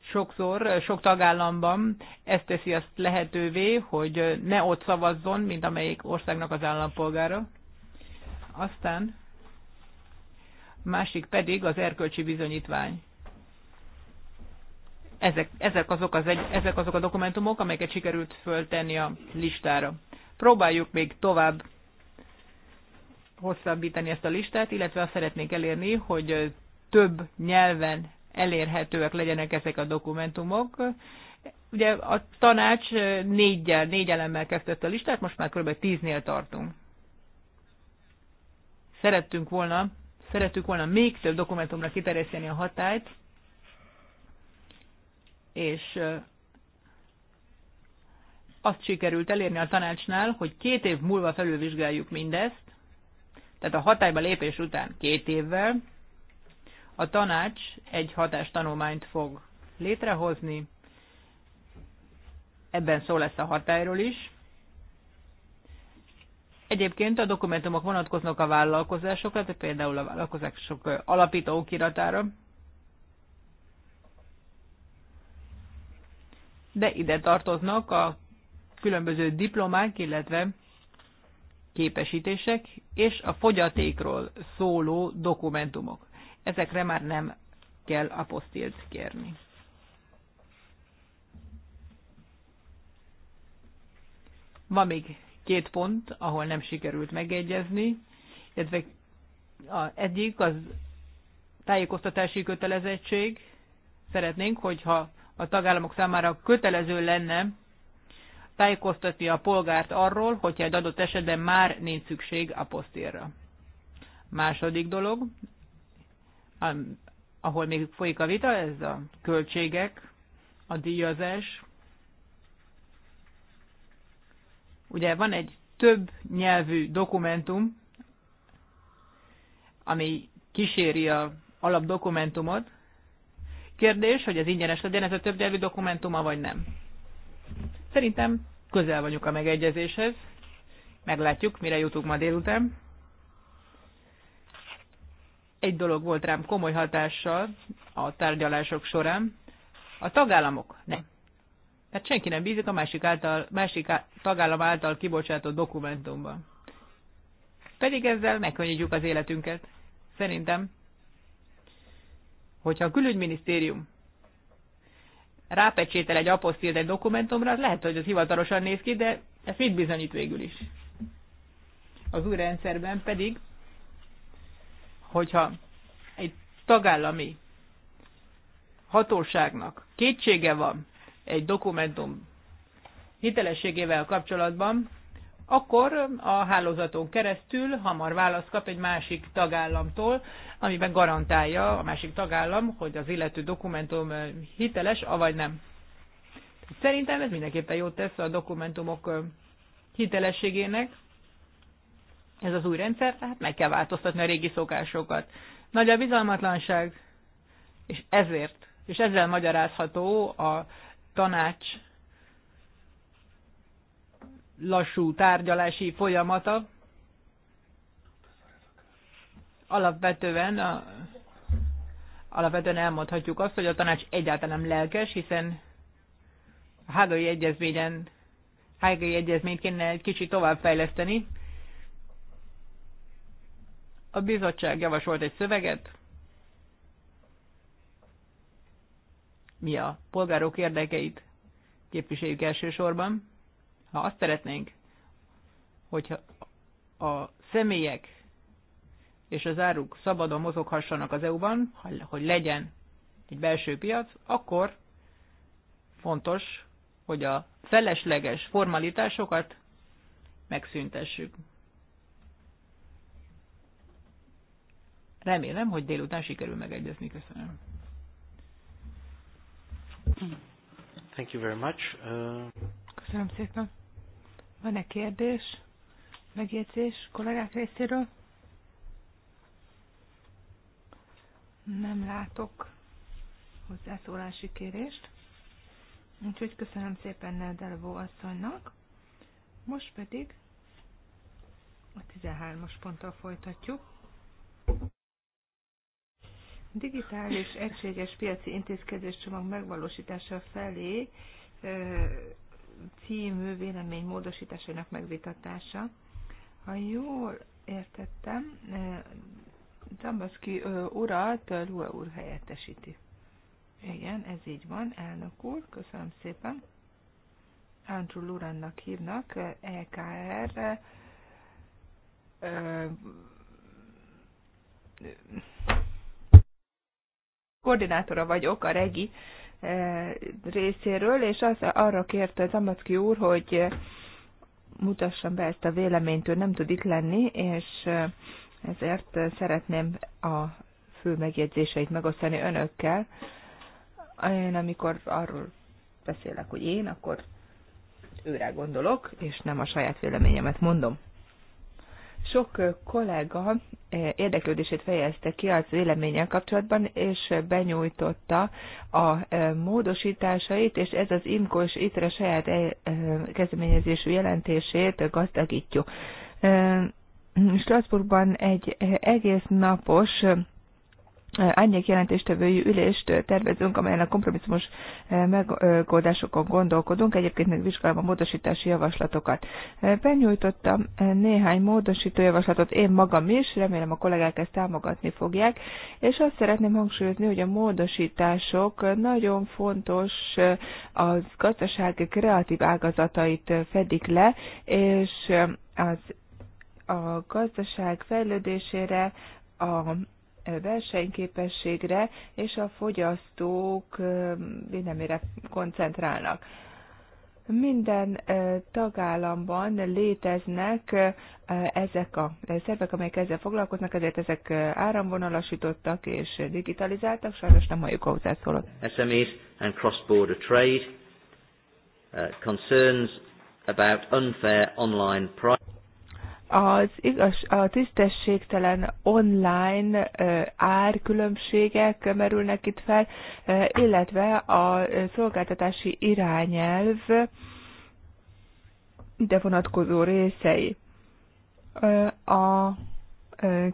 Sokszor, sok tagállamban ezt teszi azt lehetővé, hogy ne ott szavazzon, mint amelyik országnak az állampolgára. Aztán másik pedig az erkölcsi bizonyítvány. Ezek, ezek, azok az egy, ezek azok a dokumentumok, amelyeket sikerült föltenni a listára. Próbáljuk még tovább hosszabbítani ezt a listát, illetve azt szeretnénk elérni, hogy több nyelven elérhetőek legyenek ezek a dokumentumok. Ugye a tanács négyel, négy elemmel kezdett a listát, most már kb. tíznél tartunk. Szerettünk volna, szerettük volna még több dokumentumra kiterjeszteni a hatályt, és azt sikerült elérni a tanácsnál, hogy két év múlva felülvizsgáljuk mindezt, tehát a hatályba lépés után két évvel a tanács egy hatástanulmányt fog létrehozni, ebben szó lesz a hatályról is. Egyébként a dokumentumok vonatkoznak a vállalkozásokra, tehát például a vállalkozások alapító okiratára, de ide tartoznak a különböző diplomák, illetve képesítések és a fogyatékról szóló dokumentumok. Ezekre már nem kell apostilt kérni. Van még két pont, ahol nem sikerült megegyezni, illetve egyik az tájékoztatási kötelezettség. Szeretnénk, hogyha a tagállamok számára kötelező lenne Tájékoztatni a polgárt arról, hogyha egy adott esetben már nincs szükség a posztérra. Második dolog, ahol még folyik a vita, ez a költségek, a díjazás. Ugye van egy több nyelvű dokumentum, ami kíséri a alapdokumentumot. Kérdés, hogy ez ingyenes legyen ez a több nyelvű dokumentuma, vagy nem. Szerintem közel vagyunk a megegyezéshez. Meglátjuk, mire jutunk ma délután. Egy dolog volt rám komoly hatással a tárgyalások során. A tagállamok nem. Mert senki nem bízik a másik, által, másik tagállam által kibocsátott dokumentumban. Pedig ezzel megkönnyítjük az életünket. Szerintem, hogyha a külügyminisztérium rápecsétel egy apostilt egy dokumentumra, az lehet, hogy az hivatalosan néz ki, de ez mit bizonyít végül is? Az új rendszerben pedig, hogyha egy tagállami hatóságnak kétsége van egy dokumentum hitelességével kapcsolatban, akkor a hálózaton keresztül hamar választ kap egy másik tagállamtól, amiben garantálja a másik tagállam, hogy az illető dokumentum hiteles, avagy nem. Szerintem ez mindenképpen jót tesz a dokumentumok hitelességének. Ez az új rendszer, tehát meg kell változtatni a régi szokásokat. Nagy a bizalmatlanság, és ezért, és ezzel magyarázható a tanács lassú tárgyalási folyamata. Alapvetően, a, alapvetően elmondhatjuk azt, hogy a tanács egyáltalán nem lelkes, hiszen a hágai egyezményen hágai egyezményt kéne egy kicsit továbbfejleszteni. A bizottság javasolt egy szöveget, mi a polgárok érdekeit képviseljük elsősorban ha azt szeretnénk, hogyha a személyek és az áruk szabadon mozoghassanak az EU-ban, hogy legyen egy belső piac, akkor fontos, hogy a felesleges formalitásokat megszüntessük. Remélem, hogy délután sikerül megegyezni. Köszönöm. Thank you very much. Uh... Köszönöm szépen. Van-e kérdés, megjegyzés kollégák részéről? Nem látok hozzászólási kérést. Úgyhogy köszönöm szépen Neldelvó asszonynak. Most pedig a 13-as ponttal folytatjuk. Digitális egységes piaci intézkedéscsomag megvalósítása felé című vélemény módosításainak megvitatása. Ha jól értettem, eh, Tambaszki urat Lua úr helyettesíti. Igen, ez így van, elnök úr, köszönöm szépen. Andrew Lurannak hívnak, EKR eh, e eh, koordinátora vagyok a REGI E, részéről, és az, arra kérte Zamacki úr, hogy mutassam be ezt a véleményt, ő nem tud itt lenni, és e, ezért szeretném a fő megjegyzéseit megosztani önökkel. Én, amikor arról beszélek, hogy én, akkor őre gondolok, és nem a saját véleményemet mondom. Sok kollega érdeklődését fejezte ki az véleménnyel kapcsolatban, és benyújtotta a módosításait, és ez az IMKO és ITRE saját kezdeményezésű jelentését gazdagítjuk. Strasbourgban egy egész napos árnyék jelentéstevői ülést tervezünk, amelyen a kompromisszumos eh, megoldásokon gondolkodunk, egyébként még a módosítási javaslatokat. Eh, benyújtottam eh, néhány módosító javaslatot én magam is, remélem a kollégák ezt támogatni fogják, és azt szeretném hangsúlyozni, hogy a módosítások nagyon fontos a gazdaság kreatív ágazatait fedik le, és az a gazdaság fejlődésére, a versenyképességre és a fogyasztók véleményre koncentrálnak. Minden tagállamban léteznek ezek a szervek, amelyek ezzel foglalkoznak, ezért ezek áramvonalasítottak és digitalizáltak, sajnos nem halljuk a hozzászólót. SMEs and cross-border trade uh, concerns about unfair online price az igaz, a tisztességtelen online árkülönbségek merülnek itt fel, illetve a szolgáltatási irányelv ide vonatkozó részei. A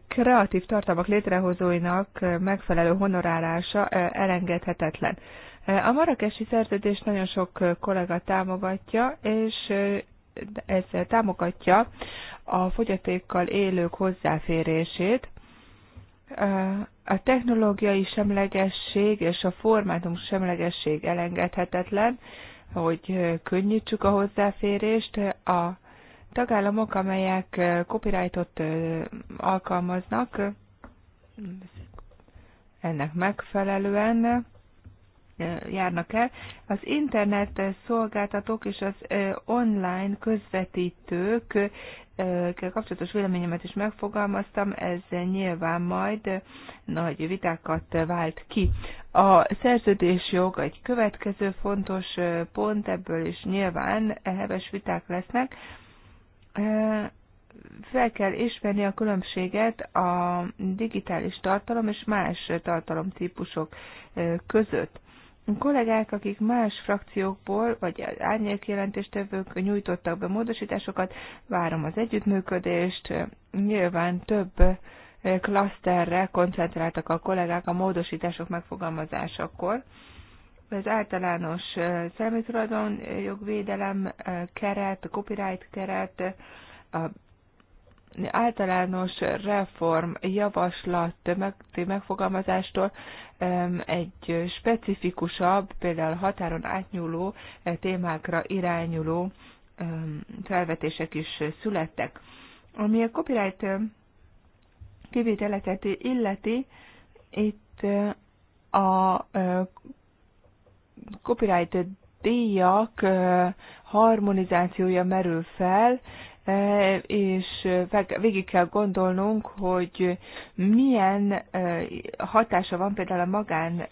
kreatív tartalmak létrehozóinak megfelelő honorálása elengedhetetlen. A marakesi szerződést nagyon sok kollega támogatja, és ez támogatja a fogyatékkal élők hozzáférését. A technológiai semlegesség és a formátum semlegesség elengedhetetlen, hogy könnyítsük a hozzáférést. A tagállamok, amelyek copyrightot alkalmaznak, ennek megfelelően járnak el. Az internet szolgáltatók és az online közvetítők kapcsolatos véleményemet is megfogalmaztam, ez nyilván majd nagy vitákat vált ki. A szerződésjog egy következő fontos pont, ebből is nyilván heves viták lesznek. Fel kell ismerni a különbséget a digitális tartalom és más tartalomtípusok között kollégák, akik más frakciókból, vagy árnyékjelentéstevők nyújtottak be módosításokat, várom az együttműködést, nyilván több eh, klaszterre koncentráltak a kollégák a módosítások megfogalmazásakor. Az általános eh, személytulajdon eh, jogvédelem keret, copyright keret, a általános reform javaslat megfogalmazástól egy specifikusabb, például határon átnyúló eh, témákra irányuló felvetések is születtek. Ami a copyright kivételeket illeti, itt eh, a eh, copyright díjak harmonizációja merül fel, E, és végig kell gondolnunk, hogy milyen hatása van például a magán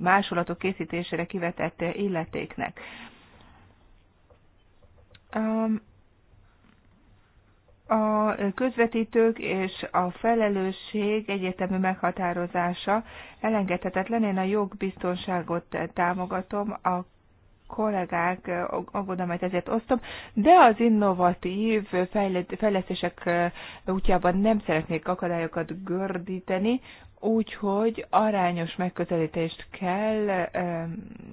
másolatok készítésére kivetett illetéknek. A közvetítők és a felelősség egyetemű meghatározása elengedhetetlen. Én a jogbiztonságot támogatom, a kollégák aggodalmát ezért osztom, de az innovatív fejlesztések útjában nem szeretnék akadályokat gördíteni, úgyhogy arányos megközelítést kell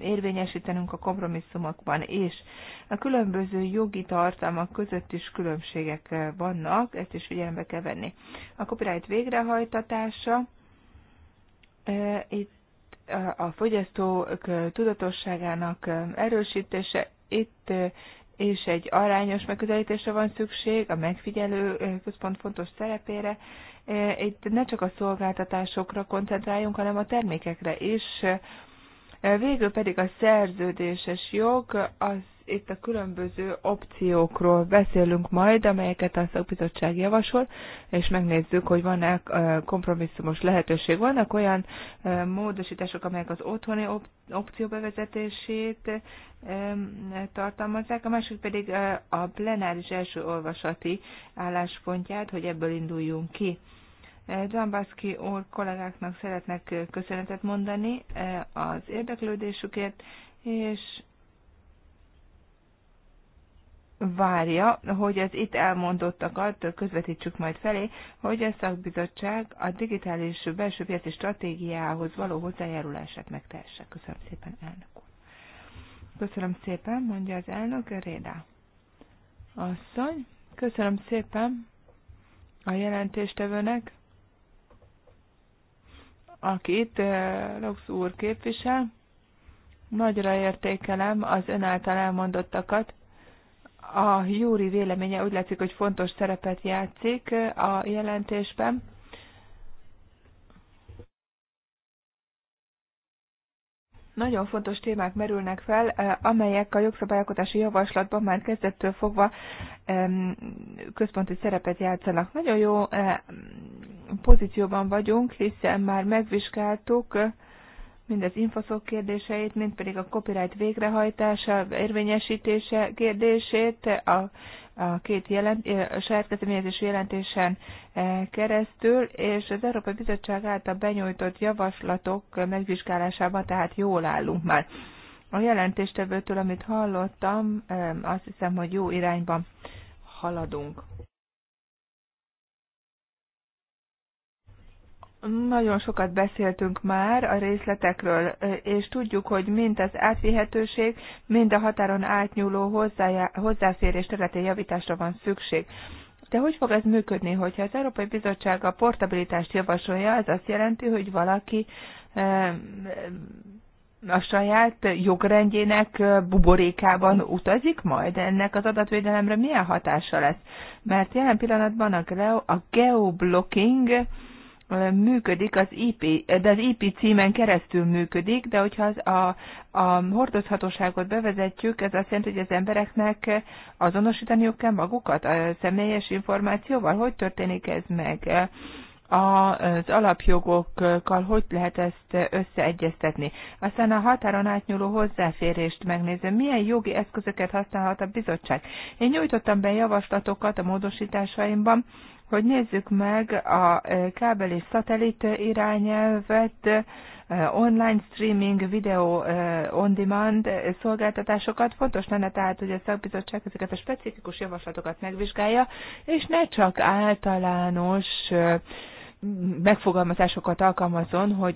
érvényesítenünk a kompromisszumokban, és a különböző jogi tartalmak között is különbségek vannak, ezt is figyelembe kell venni. A copyright végrehajtatása, itt a fogyasztók tudatosságának erősítése. Itt és egy arányos megközelítésre van szükség, a megfigyelő központ fontos szerepére. Itt ne csak a szolgáltatásokra koncentráljunk, hanem a termékekre is. Végül pedig a szerződéses jog, az itt a különböző opciókról beszélünk majd, amelyeket a szakbizottság javasol, és megnézzük, hogy van-e kompromisszumos lehetőség. Vannak olyan módosítások, amelyek az otthoni op- opció bevezetését tartalmazzák, a másik pedig a plenáris első olvasati álláspontját, hogy ebből induljunk ki. Dzsambaszki úr kollégáknak szeretnek köszönetet mondani az érdeklődésükért, és várja, hogy az itt elmondottakat közvetítsük majd felé, hogy a szakbizottság a digitális belső piaci stratégiához való hozzájárulását megtehesse. Köszönöm szépen, elnök úr. Köszönöm szépen, mondja az elnök, Réda. Asszony, köszönöm szépen a jelentéstevőnek, akit eh, Lux úr képvisel. Nagyra értékelem az ön által elmondottakat a Júri véleménye úgy látszik, hogy fontos szerepet játszik a jelentésben. Nagyon fontos témák merülnek fel, amelyek a jogszabályalkotási javaslatban már kezdettől fogva központi szerepet játszanak. Nagyon jó pozícióban vagyunk, hiszen már megvizsgáltuk, mind az infoszok kérdéseit, mind pedig a copyright végrehajtása, érvényesítése kérdését a, a két jelent, a saját kezdeményezésű jelentésen e, keresztül, és az Európai Bizottság által benyújtott javaslatok megvizsgálásában tehát jól állunk már. A jelentéstevőtől, amit hallottam, e, azt hiszem, hogy jó irányban haladunk. Nagyon sokat beszéltünk már a részletekről, és tudjuk, hogy mind az átvihetőség, mind a határon átnyúló hozzáférés területén javításra van szükség. De hogy fog ez működni, hogyha az Európai Bizottság a portabilitást javasolja, az azt jelenti, hogy valaki a saját jogrendjének buborékában utazik majd? Ennek az adatvédelemre milyen hatása lesz? Mert jelen pillanatban a, geo, a geoblocking működik, az IP, de az IP címen keresztül működik, de hogyha az a, a hordozhatóságot bevezetjük, ez azt jelenti, hogy az embereknek azonosítaniuk kell magukat a személyes információval. Hogy történik ez meg? az alapjogokkal hogy lehet ezt összeegyeztetni. Aztán a határon átnyúló hozzáférést megnézem, milyen jogi eszközöket használhat a bizottság. Én nyújtottam be javaslatokat a módosításaimban hogy nézzük meg a kábel és szatellit irányelvet, online streaming, video on demand szolgáltatásokat. Fontos lenne tehát, hogy a szakbizottság ezeket a specifikus javaslatokat megvizsgálja, és ne csak általános megfogalmazásokat alkalmazon, hogy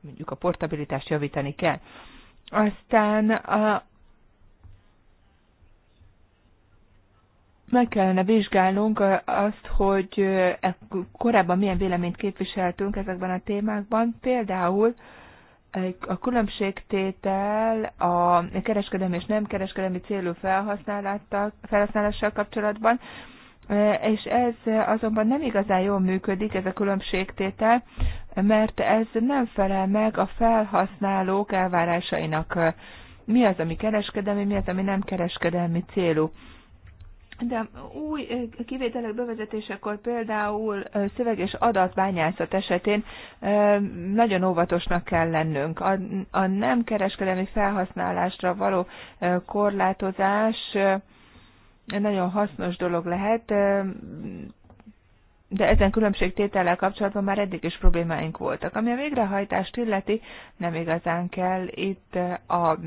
mondjuk a portabilitást javítani kell. Aztán a, meg kellene vizsgálnunk azt, hogy e korábban milyen véleményt képviseltünk ezekben a témákban. Például a különbségtétel a kereskedelmi és nem kereskedelmi célú felhasználással kapcsolatban, és ez azonban nem igazán jól működik, ez a különbségtétel, mert ez nem felel meg a felhasználók elvárásainak. Mi az, ami kereskedelmi, mi az, ami nem kereskedelmi célú. De új kivételek bevezetésekor például szöveges adatbányászat esetén nagyon óvatosnak kell lennünk. A, a nem kereskedelmi felhasználásra való korlátozás nagyon hasznos dolog lehet, de ezen különbségtétellel kapcsolatban már eddig is problémáink voltak. Ami a végrehajtást illeti, nem igazán kell itt eh, a,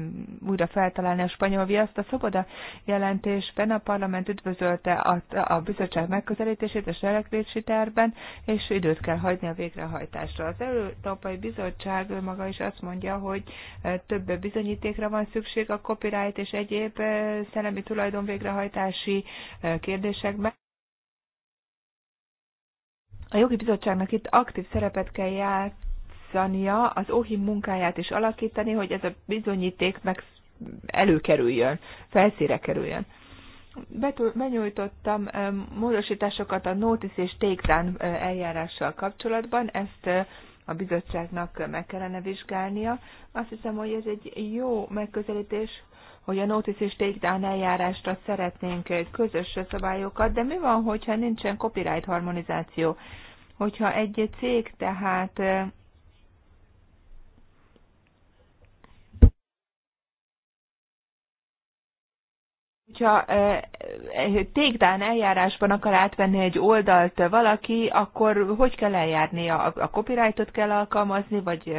újra feltalálni a spanyol viaszt. A szoboda jelentésben a parlament üdvözölte a, a bizottság megközelítését a selekvési tervben, és időt kell hagyni a végrehajtásra. Az Európai Bizottság maga is azt mondja, hogy eh, több bizonyítékra van szükség a copyright és egyéb eh, szellemi tulajdon végrehajtási kérdésekben a jogi bizottságnak itt aktív szerepet kell játszania, az OHIM munkáját is alakítani, hogy ez a bizonyíték meg előkerüljön, felszíre kerüljön. Benyújtottam módosításokat a notice és téktán eljárással kapcsolatban, ezt a bizottságnak meg kellene vizsgálnia. Azt hiszem, hogy ez egy jó megközelítés, hogy a notice és takedown eljárásra szeretnénk közös szabályokat, de mi van, hogyha nincsen copyright harmonizáció? Hogyha egy cég tehát hogyha tégdán eljárásban akar átvenni egy oldalt valaki, akkor hogy kell eljárnia? A copyrightot kell alkalmazni, vagy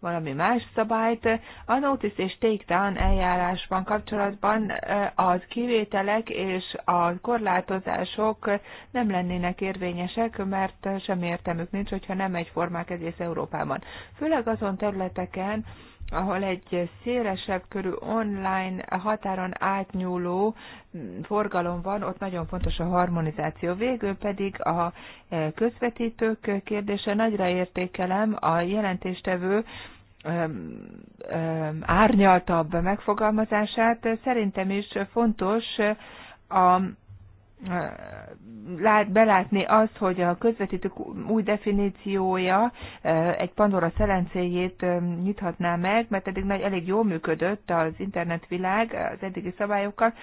valami más szabályt. A notice és takedown eljárásban kapcsolatban az kivételek és a korlátozások nem lennének érvényesek, mert semmi értelmük nincs, hogyha nem egyformák egész Európában. Főleg azon területeken, ahol egy szélesebb körű online határon átnyúló forgalom van, ott nagyon fontos a harmonizáció. Végül pedig a e, közvetítők kérdése nagyra értékelem a jelentéstevő e, e, árnyaltabb megfogalmazását. Szerintem is fontos a lát, belátni azt, hogy a közvetítők új definíciója egy Pandora szelencéjét nyithatná meg, mert eddig nagy, elég jól működött az internetvilág az eddigi szabályokkal.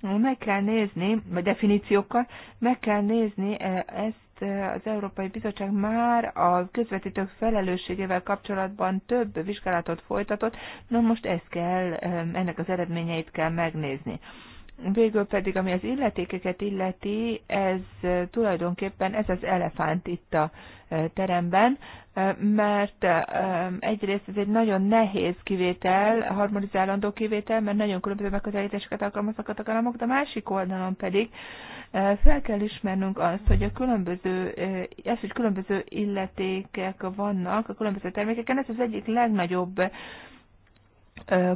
Meg kell nézni, vagy definíciókkal, meg kell nézni ezt az Európai Bizottság már a közvetítők felelősségével kapcsolatban több vizsgálatot folytatott, na most ezt kell, ennek az eredményeit kell megnézni. Végül pedig, ami az illetékeket illeti, ez tulajdonképpen ez az elefánt itt a teremben, mert egyrészt ez egy nagyon nehéz kivétel, harmonizálandó kivétel, mert nagyon különböző megközelítéseket alkalmaznak a tagállamok, de a másik oldalon pedig fel kell ismernünk azt, hogy a különböző, ez, hogy különböző illetékek vannak a különböző termékeken, ez az egyik legnagyobb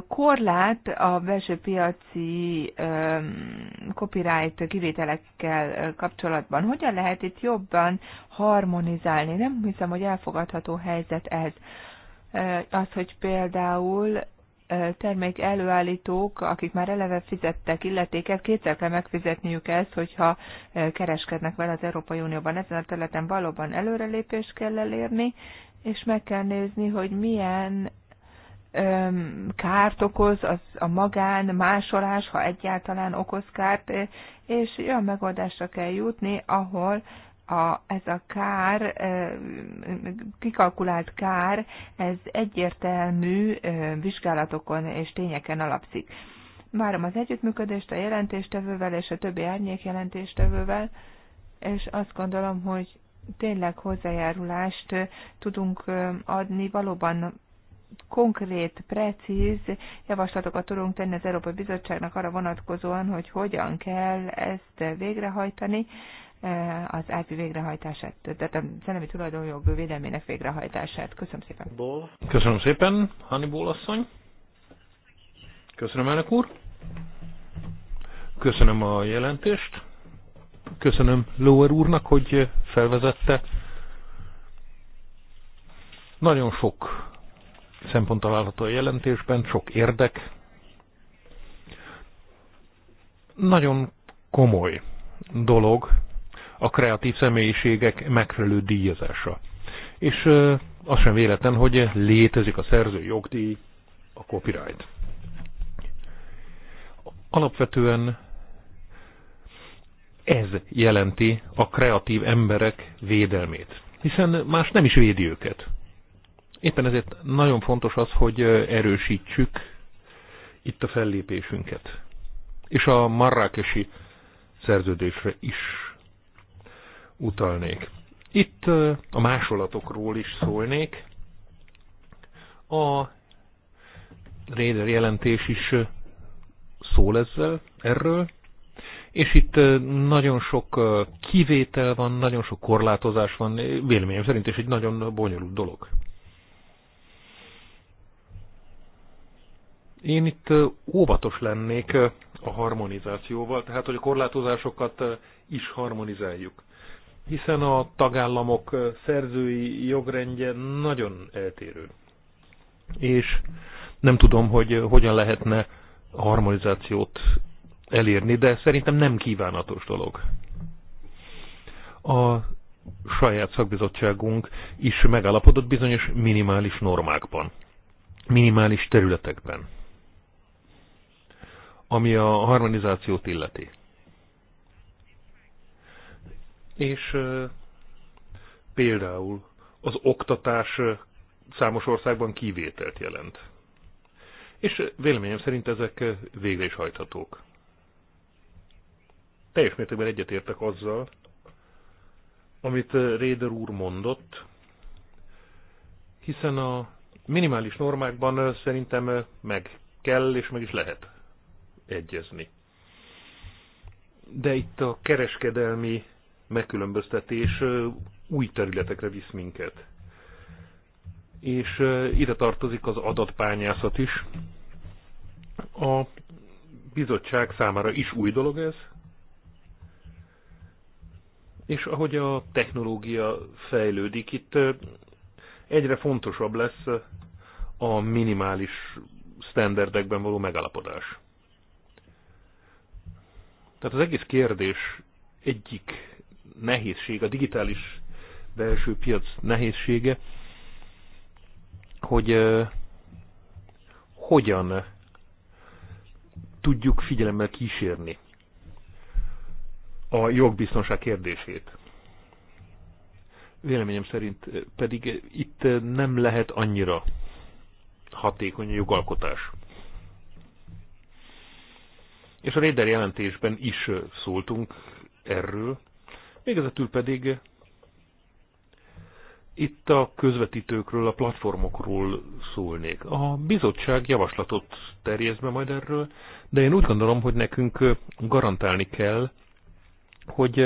korlát a belső piaci copyright kivételekkel kapcsolatban. Hogyan lehet itt jobban harmonizálni? Nem hiszem, hogy elfogadható helyzet ez. Az, hogy például termék előállítók, akik már eleve fizettek illetéket, kétszer kell megfizetniük ezt, hogyha kereskednek vele az Európai Unióban. Ezen a területen valóban előrelépést kell elérni, és meg kell nézni, hogy milyen kárt okoz, az a magán másolás, ha egyáltalán okoz kárt, és olyan megoldásra kell jutni, ahol a, ez a kár, kikalkulált kár, ez egyértelmű vizsgálatokon és tényeken alapszik. Várom az együttműködést a jelentéstevővel és a többi árnyék jelentéstevővel, és azt gondolom, hogy tényleg hozzájárulást tudunk adni, valóban konkrét, precíz javaslatokat tudunk tenni az Európai Bizottságnak arra vonatkozóan, hogy hogyan kell ezt végrehajtani, eh, az IP végrehajtását, tehát a szellemi tulajdonjog védelmének végrehajtását. Köszönöm szépen. Köszönöm szépen, Hannibal asszony. Köszönöm, elnök úr. Köszönöm a jelentést. Köszönöm Lower úrnak, hogy felvezette. Nagyon sok szempont található a jelentésben, sok érdek. Nagyon komoly dolog a kreatív személyiségek megfelelő díjazása. És az sem véletlen, hogy létezik a szerző jogdíj, a copyright. Alapvetően ez jelenti a kreatív emberek védelmét, hiszen más nem is védi őket. Éppen ezért nagyon fontos az, hogy erősítsük itt a fellépésünket. És a marrákesi szerződésre is utalnék. Itt a másolatokról is szólnék. A Réder jelentés is szól ezzel, erről, és itt nagyon sok kivétel van, nagyon sok korlátozás van, véleményem szerint, és egy nagyon bonyolult dolog. Én itt óvatos lennék a harmonizációval, tehát hogy a korlátozásokat is harmonizáljuk. Hiszen a tagállamok szerzői jogrendje nagyon eltérő. És nem tudom, hogy hogyan lehetne a harmonizációt elérni, de szerintem nem kívánatos dolog. A saját szakbizottságunk is megállapodott bizonyos minimális normákban, minimális területekben ami a harmonizációt illeti. És például az oktatás számos országban kivételt jelent. És véleményem szerint ezek végre is hajthatók. Teljes mértékben egyetértek azzal, amit Réder úr mondott, hiszen a minimális normákban szerintem meg kell és meg is lehet egyezni. De itt a kereskedelmi megkülönböztetés új területekre visz minket. És ide tartozik az adatpányászat is. A bizottság számára is új dolog ez, és ahogy a technológia fejlődik, itt egyre fontosabb lesz a minimális standardekben való megalapodás. Tehát az egész kérdés egyik nehézség, a digitális belső piac nehézsége, hogy uh, hogyan tudjuk figyelemmel kísérni a jogbiztonság kérdését. Véleményem szerint pedig itt nem lehet annyira hatékony a jogalkotás és a Réder jelentésben is szóltunk erről. Végezetül pedig itt a közvetítőkről, a platformokról szólnék. A bizottság javaslatot terjez be majd erről, de én úgy gondolom, hogy nekünk garantálni kell, hogy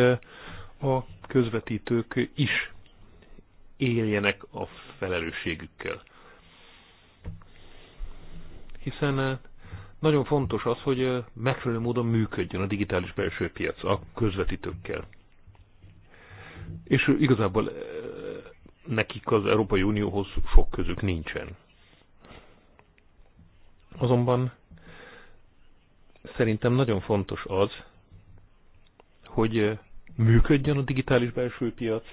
a közvetítők is éljenek a felelősségükkel. Hiszen nagyon fontos az, hogy megfelelő módon működjön a digitális belső piac a közvetítőkkel. És igazából nekik az Európai Unióhoz sok közük nincsen. Azonban szerintem nagyon fontos az, hogy működjön a digitális belső piac,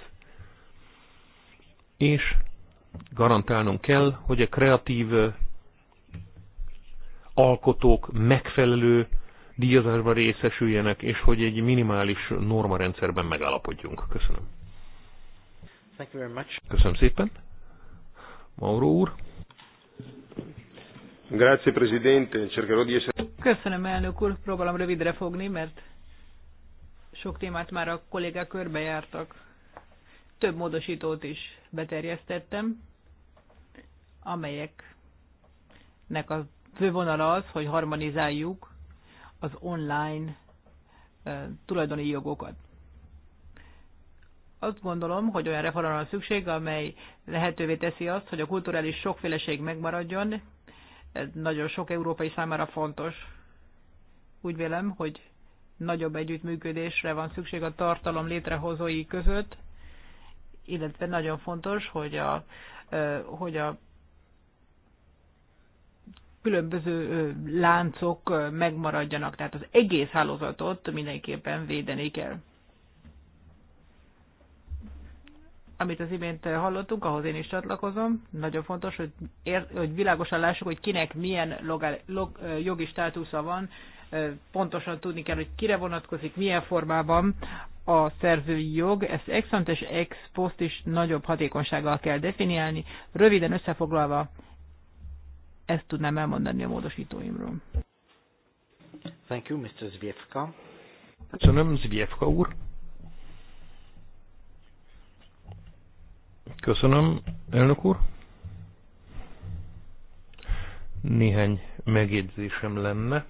és garantálnunk kell, hogy a kreatív alkotók megfelelő díjazásban részesüljenek, és hogy egy minimális norma rendszerben megállapodjunk. Köszönöm. Thank you very much. Köszönöm szépen. Mauro úr. Grazie, Presidente. Cercherò di essere... Köszönöm, elnök úr. Próbálom rövidre fogni, mert sok témát már a kollégák körbejártak. Több módosítót is beterjesztettem, amelyeknek az fővonal az, hogy harmonizáljuk az online tulajdoni jogokat. Azt gondolom, hogy olyan reformra van szükség, amely lehetővé teszi azt, hogy a kulturális sokféleség megmaradjon. Ez nagyon sok európai számára fontos. Úgy vélem, hogy nagyobb együttműködésre van szükség a tartalom létrehozói között, illetve nagyon fontos, hogy a, hogy a különböző láncok megmaradjanak, tehát az egész hálózatot mindenképpen védeni kell. Amit az imént hallottunk, ahhoz én is csatlakozom. Nagyon fontos, hogy, ér, hogy világosan lássuk, hogy kinek milyen logál, log, jogi státusza van. Pontosan tudni kell, hogy kire vonatkozik, milyen formában a szerzői jog. Ezt ex és ex post is nagyobb hatékonysággal kell definiálni. Röviden összefoglalva, ezt tudnám elmondani a módosítóimról. Thank you, Mr. Zviefka. Köszönöm, Zviefka úr. Köszönöm, elnök úr. Néhány megjegyzésem lenne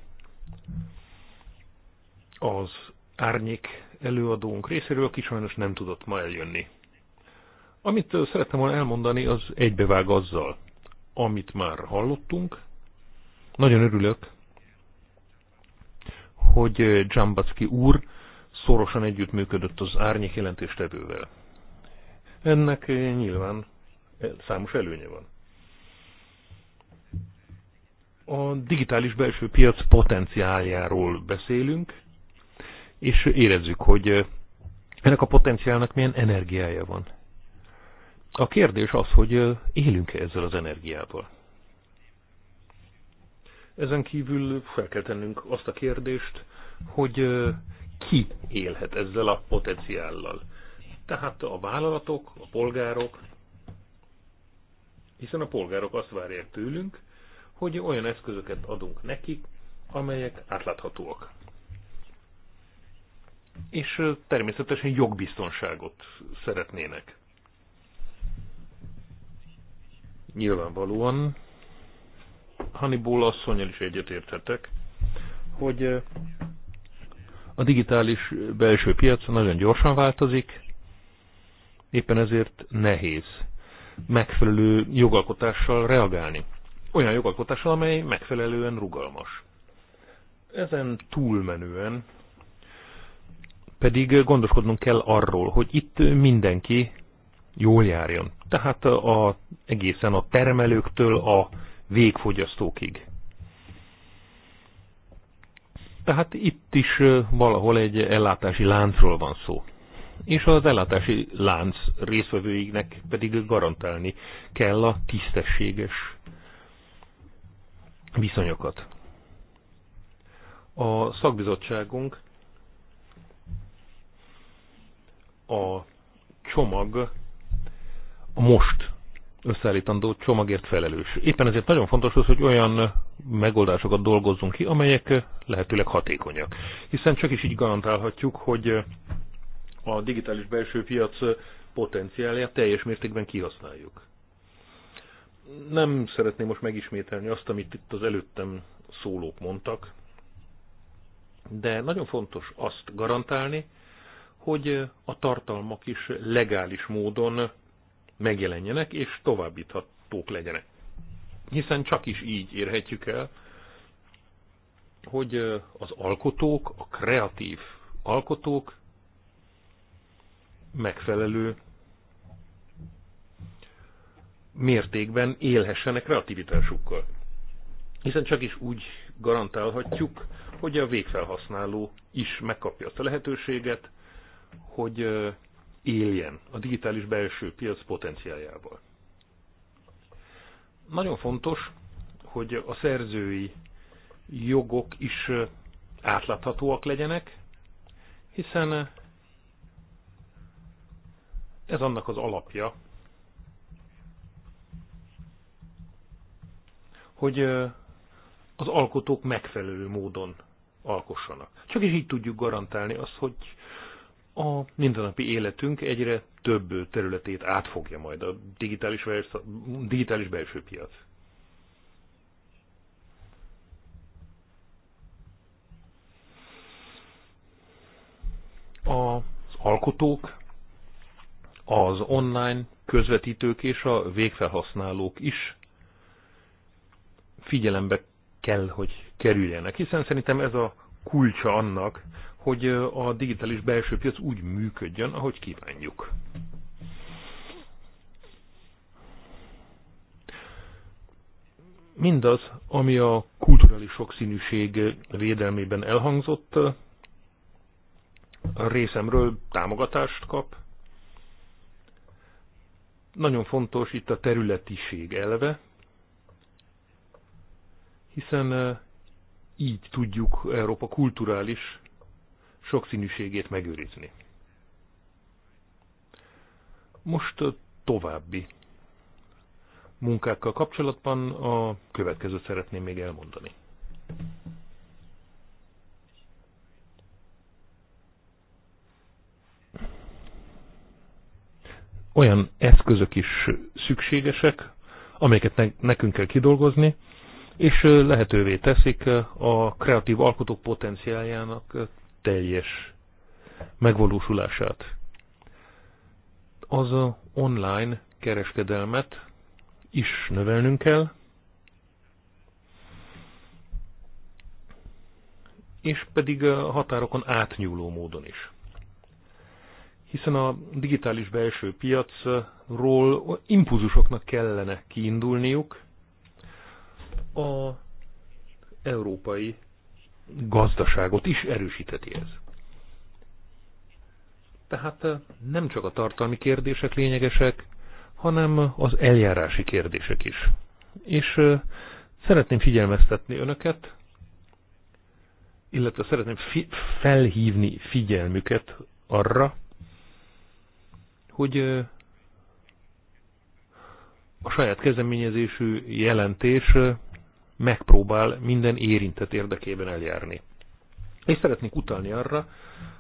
az árnyék előadónk részéről, aki sajnos nem tudott ma eljönni. Amit szerettem volna elmondani, az egybevág azzal, amit már hallottunk. Nagyon örülök, hogy eh, Dzsambacki úr szorosan együttműködött az árnyék jelentéstevővel. Ennek eh, nyilván eh, számos előnye van. A digitális belső piac potenciáljáról beszélünk, és érezzük, hogy ennek a potenciálnak milyen energiája van. A kérdés az, hogy élünk-e ezzel az energiával. Ezen kívül fel kell tennünk azt a kérdést, hogy ki élhet ezzel a potenciállal. Tehát a vállalatok, a polgárok, hiszen a polgárok azt várják tőlünk, hogy olyan eszközöket adunk nekik, amelyek átláthatóak. És természetesen jogbiztonságot szeretnének. nyilvánvalóan Hannibal asszonyjal is egyetérthetek, hogy a digitális belső piac nagyon gyorsan változik, éppen ezért nehéz megfelelő jogalkotással reagálni. Olyan jogalkotással, amely megfelelően rugalmas. Ezen túlmenően pedig gondoskodnunk kell arról, hogy itt mindenki jól járjon. Tehát a, egészen a termelőktől a végfogyasztókig. Tehát itt is valahol egy ellátási láncról van szó. És az ellátási lánc részvevőinek pedig garantálni kell a tisztességes viszonyokat. A szakbizottságunk a csomag a most összeállítandó csomagért felelős. Éppen ezért nagyon fontos az, hogy olyan megoldásokat dolgozzunk ki, amelyek lehetőleg hatékonyak. Hiszen csak is így garantálhatjuk, hogy a digitális belső piac potenciálját teljes mértékben kihasználjuk. Nem szeretném most megismételni azt, amit itt az előttem szólók mondtak, de nagyon fontos azt garantálni, hogy a tartalmak is legális módon megjelenjenek és továbbíthatók legyenek. Hiszen csak is így érhetjük el, hogy az alkotók, a kreatív alkotók megfelelő mértékben élhessenek kreativitásukkal. Hiszen csak is úgy garantálhatjuk, hogy a végfelhasználó is megkapja azt a lehetőséget, hogy éljen a digitális belső piac potenciáljával. Nagyon fontos, hogy a szerzői jogok is átláthatóak legyenek, hiszen ez annak az alapja, hogy az alkotók megfelelő módon alkossanak. Csak is így tudjuk garantálni azt, hogy a mindennapi életünk egyre több területét átfogja majd a digitális, digitális belső piac. Az alkotók, az online közvetítők és a végfelhasználók is figyelembe kell, hogy kerüljenek, hiszen szerintem ez a kulcsa annak, hogy a digitális belső piac úgy működjön, ahogy kívánjuk. Mindaz, ami a kulturális sokszínűség védelmében elhangzott, a részemről támogatást kap. Nagyon fontos itt a területiség elve, hiszen így tudjuk Európa kulturális sokszínűségét megőrizni. Most további munkákkal kapcsolatban a következőt szeretném még elmondani. Olyan eszközök is szükségesek, amelyeket nekünk kell kidolgozni, és lehetővé teszik a kreatív alkotók potenciáljának teljes megvalósulását. Az online kereskedelmet is növelnünk kell, és pedig a határokon átnyúló módon is. Hiszen a digitális belső piacról impulzusoknak kellene kiindulniuk a európai gazdaságot is erősíteti ez. Tehát eh, nem csak a tartalmi kérdések lényegesek, hanem az eljárási kérdések is. És eh, szeretném figyelmeztetni önöket, illetve szeretném fi felhívni figyelmüket arra, hogy eh, a saját kezdeményezésű jelentés megpróbál minden érintett érdekében eljárni. És szeretnék utalni arra,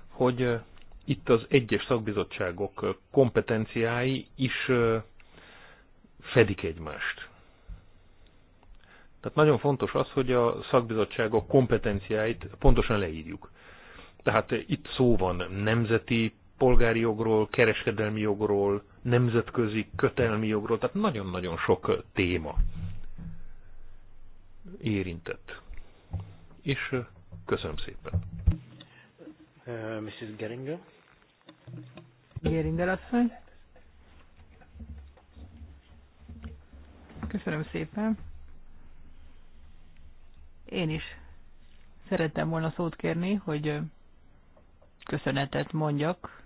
hogy itt az egyes szakbizottságok kompetenciái is fedik egymást. Tehát nagyon fontos az, hogy a szakbizottságok kompetenciáit pontosan leírjuk. Tehát itt szó van nemzeti polgári jogról, kereskedelmi jogról, nemzetközi kötelmi jogról, tehát nagyon-nagyon sok téma érintett. És köszönöm szépen. Uh, Mrs. Geringer. Geringer asszony. Köszönöm szépen. Én is szerettem volna szót kérni, hogy köszönetet mondjak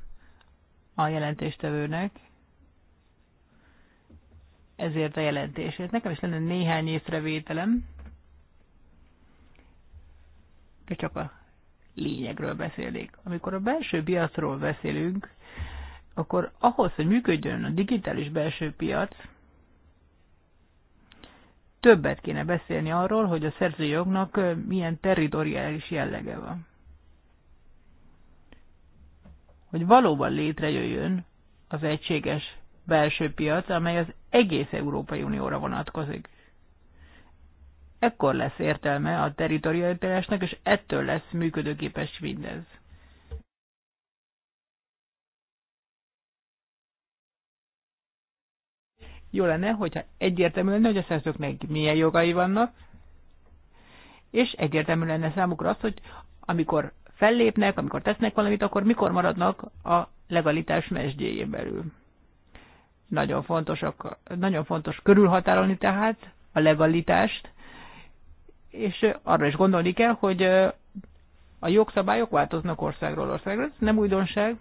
a jelentéstevőnek ezért a jelentésért. Nekem is lenne néhány észrevételem de csak a lényegről beszélnék. Amikor a belső piacról beszélünk, akkor ahhoz, hogy működjön a digitális belső piac, többet kéne beszélni arról, hogy a szerzőjognak milyen territoriális jellege van. Hogy valóban létrejöjjön az egységes belső piac, amely az egész Európai Unióra vonatkozik ekkor lesz értelme a teritorialitásnak, és ettől lesz működőképes mindez. Jó lenne, hogyha egyértelmű lenne, hogy a szerzőknek milyen jogai vannak, és egyértelmű lenne számukra az, hogy amikor fellépnek, amikor tesznek valamit, akkor mikor maradnak a legalitás mesdjéjén belül. Nagyon, fontosak, nagyon fontos körülhatárolni tehát a legalitást, és arra is gondolni kell, hogy a jogszabályok változnak országról országra, ez nem újdonság.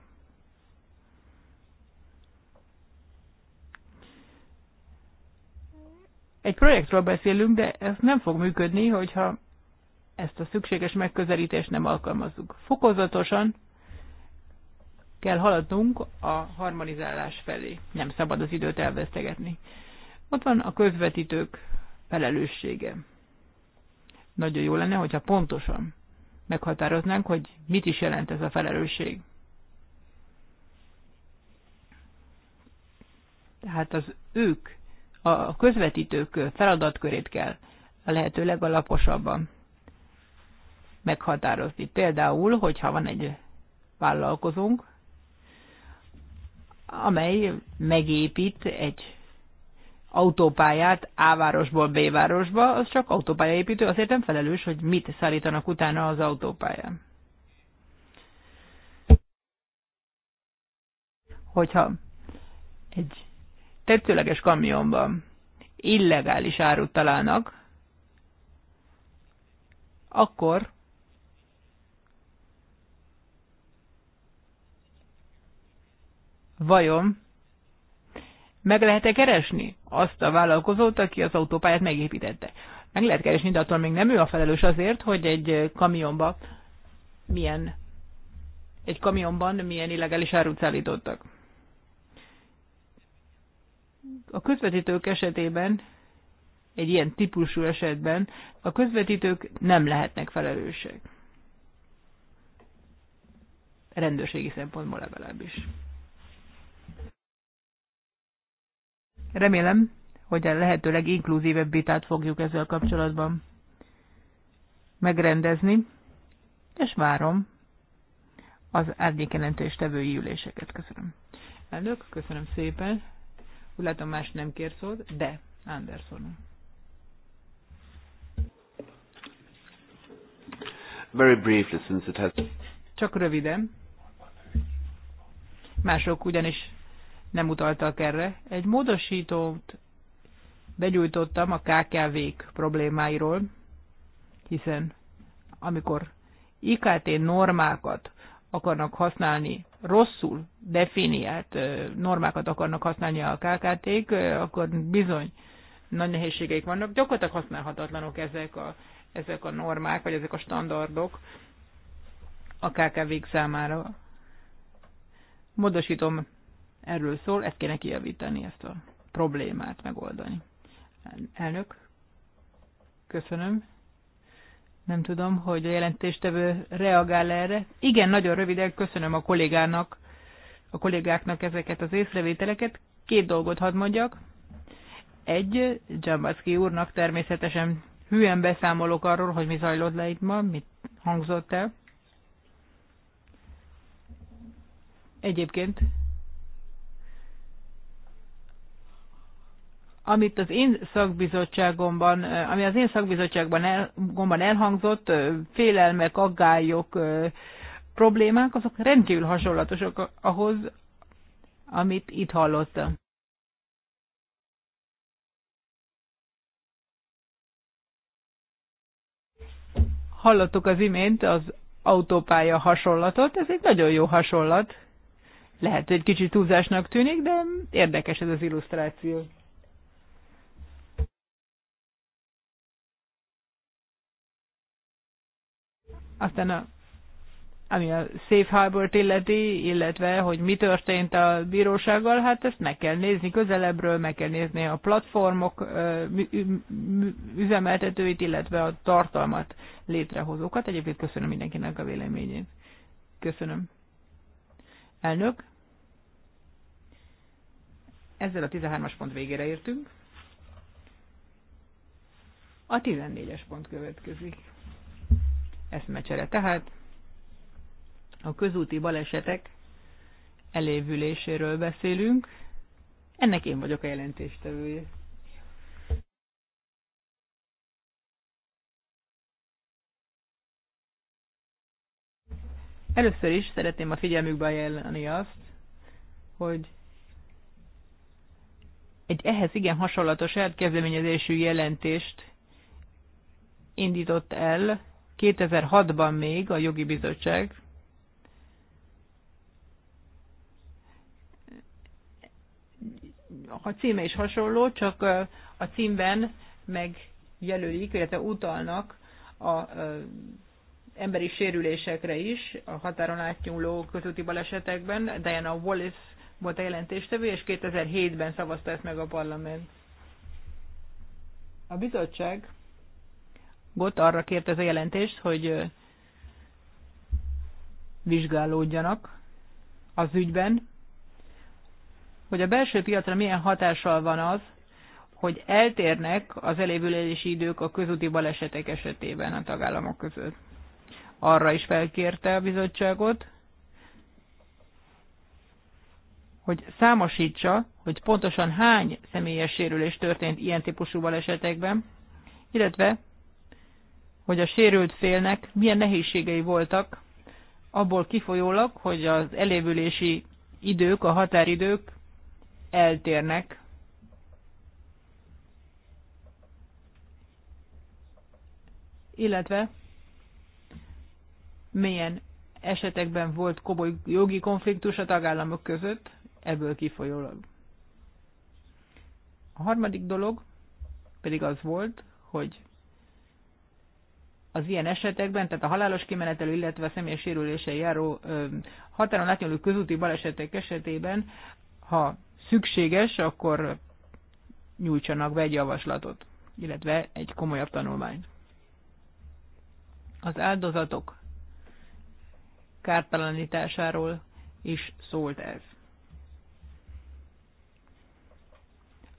Egy projektről beszélünk, de ez nem fog működni, hogyha ezt a szükséges megközelítést nem alkalmazzuk. Fokozatosan kell haladnunk a harmonizálás felé. Nem szabad az időt elvesztegetni. Ott van a közvetítők felelőssége. Nagyon jó lenne, hogyha pontosan meghatároznánk, hogy mit is jelent ez a felelősség. Tehát az ők, a közvetítők feladatkörét kell a lehető legalaposabban meghatározni. Például, hogyha van egy vállalkozónk, amely megépít egy autópályát A városból B városba, az csak autópályaépítő, azért nem felelős, hogy mit szállítanak utána az autópályán. Hogyha egy tetszőleges kamionban illegális árut találnak, akkor vajon meg lehet-e keresni azt a vállalkozót, aki az autópályát megépítette? Meg lehet keresni, de attól még nem ő a felelős azért, hogy egy kamionba milyen egy kamionban milyen illegális árut szállítottak. A közvetítők esetében, egy ilyen típusú esetben a közvetítők nem lehetnek felelősek. Rendőrségi szempontból legalábbis. Remélem, hogy a lehető leginkluzívebb vitát fogjuk ezzel kapcsolatban megrendezni, és várom az árnyékelentős tevői üléseket. Köszönöm. Elnök, köszönöm szépen. Úgy látom, más nem kér szót, de Anderson. Very briefly, since it has... Csak röviden. Mások ugyanis nem utaltak erre. Egy módosítót begyújtottam a KKV-k problémáiról, hiszen amikor IKT normákat akarnak használni, rosszul definiált normákat akarnak használni a KKT-k, akkor bizony nagy nehézségeik vannak. Gyakorlatilag használhatatlanok ezek a, ezek a normák, vagy ezek a standardok a KKV-k számára. Módosítom erről szól, ezt kéne kijavítani, ezt a problémát megoldani. Elnök, köszönöm. Nem tudom, hogy a jelentéstevő reagál erre. Igen, nagyon röviden köszönöm a kollégának, a kollégáknak ezeket az észrevételeket. Két dolgot hadd mondjak. Egy, Dzsambaszki úrnak természetesen hülyen beszámolok arról, hogy mi zajlott le itt ma, mit hangzott el. Egyébként amit az én szakbizottságomban, ami az én szakbizottságban el, elhangzott, félelmek, aggályok, problémák, azok rendkívül hasonlatosak ahhoz, amit itt hallottam. Hallottuk az imént az autópálya hasonlatot, ez egy nagyon jó hasonlat. Lehet, hogy egy kicsit túlzásnak tűnik, de érdekes ez az illusztráció. Aztán a, ami a Safe harbor illeti, illetve hogy mi történt a bírósággal, hát ezt meg kell nézni közelebbről, meg kell nézni a platformok üzemeltetőit, illetve a tartalmat létrehozókat. Egyébként köszönöm mindenkinek a véleményét. Köszönöm. Elnök, ezzel a 13-as pont végére értünk. A 14-es pont következik eszmecsere. Tehát a közúti balesetek elévüléséről beszélünk. Ennek én vagyok a jelentéstevője. Először is szeretném a figyelmükbe ajánlani azt, hogy egy ehhez igen hasonlatos elkezdeményezésű jelentést indított el 2006-ban még a jogi bizottság a címe is hasonló, csak a címben megjelölik, illetve utalnak a emberi sérülésekre is, a határon átnyúló közúti balesetekben. Diana Wallace volt a jelentéstevő, és 2007-ben szavazta ezt meg a parlament. A bizottság bizottságot arra kért ez a jelentést, hogy vizsgálódjanak az ügyben, hogy a belső piacra milyen hatással van az, hogy eltérnek az elévülési idők a közúti balesetek esetében a tagállamok között. Arra is felkérte a bizottságot, hogy számosítsa, hogy pontosan hány személyes sérülés történt ilyen típusú balesetekben, illetve hogy a sérült félnek milyen nehézségei voltak, abból kifolyólag, hogy az elévülési idők, a határidők eltérnek. Illetve milyen esetekben volt komoly jogi konfliktus a tagállamok között, ebből kifolyólag. A harmadik dolog pedig az volt, hogy az ilyen esetekben, tehát a halálos kimenetelő, illetve a személyes sérülése járó ö, határon átnyúló közúti balesetek esetében, ha szükséges, akkor nyújtsanak be egy javaslatot, illetve egy komolyabb tanulmányt. Az áldozatok kártalanításáról is szólt ez.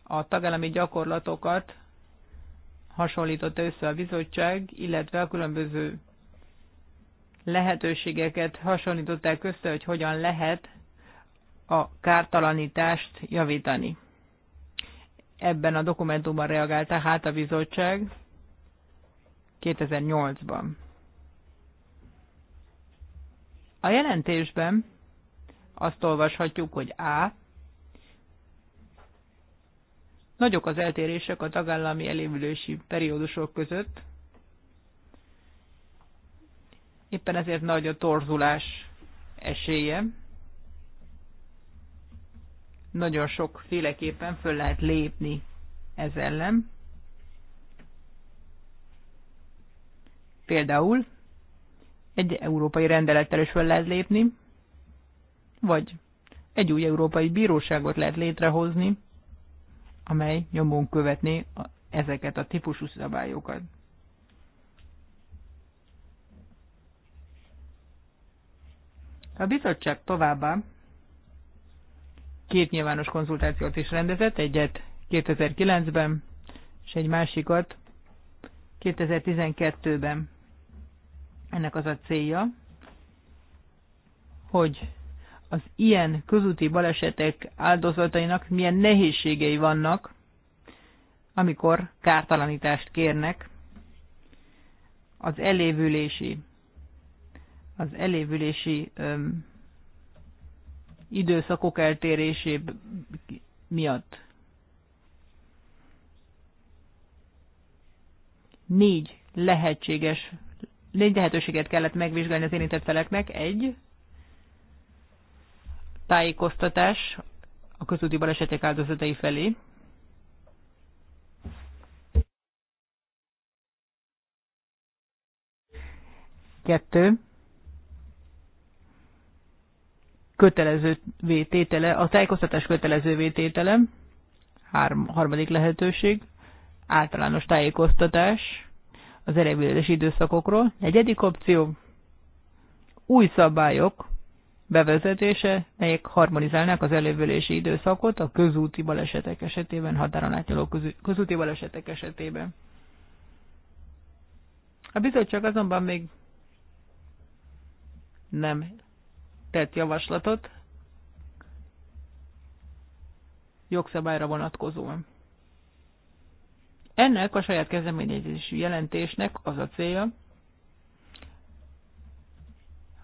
A tagállami gyakorlatokat hasonlította össze a bizottság, illetve a különböző lehetőségeket hasonlították össze, hogy hogyan lehet a kártalanítást javítani. Ebben a dokumentumban reagált tehát a bizottság 2008-ban. A jelentésben azt olvashatjuk, hogy A Nagyok az eltérések a tagállami elévülési periódusok között, éppen ezért nagy a torzulás esélye. Nagyon féleképpen föl lehet lépni ez ellen. Például egy európai rendelettel is föl lehet lépni, vagy egy új európai bíróságot lehet létrehozni, amely nyomon követné ezeket a típusú szabályokat. A bizottság továbbá két nyilvános konzultációt is rendezett, egyet 2009-ben, és egy másikat 2012-ben. Ennek az a célja, hogy az ilyen közúti balesetek áldozatainak milyen nehézségei vannak, amikor kártalanítást kérnek az elévülési az elévülési öm, időszakok eltérésé miatt. Négy lehetséges, négy lehetőséget kellett megvizsgálni az érintett feleknek. Egy, tájékoztatás a közúti balesetek áldozatai felé. Kettő. Kötelező vététele, a tájékoztatás kötelező vététele. Három, harmadik lehetőség. Általános tájékoztatás az eredményes időszakokról. Negyedik opció. Új szabályok bevezetése, melyek harmonizálnák az elővölési időszakot a közúti balesetek esetében, határon átnyúló közúti balesetek esetében. A bizottság azonban még nem tett javaslatot jogszabályra vonatkozóan. Ennek a saját kezdeményezésű jelentésnek az a célja,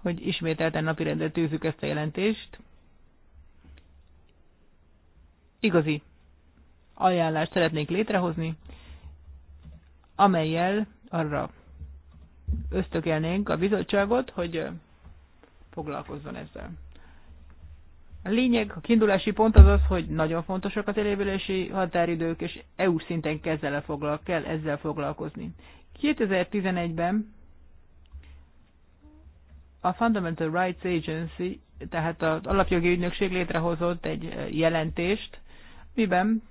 hogy ismételten napirendre tűzzük ezt a jelentést. Igazi ajánlást szeretnék létrehozni, amelyel arra ösztökelnénk a bizottságot, hogy foglalkozzon ezzel. A lényeg, a kiindulási pont az az, hogy nagyon fontosak a telévülési határidők, és EU szinten kell ezzel, foglalkozni. 2011-ben a Fundamental Rights Agency, tehát az alapjogi ügynökség létrehozott egy eh, jelentést, miben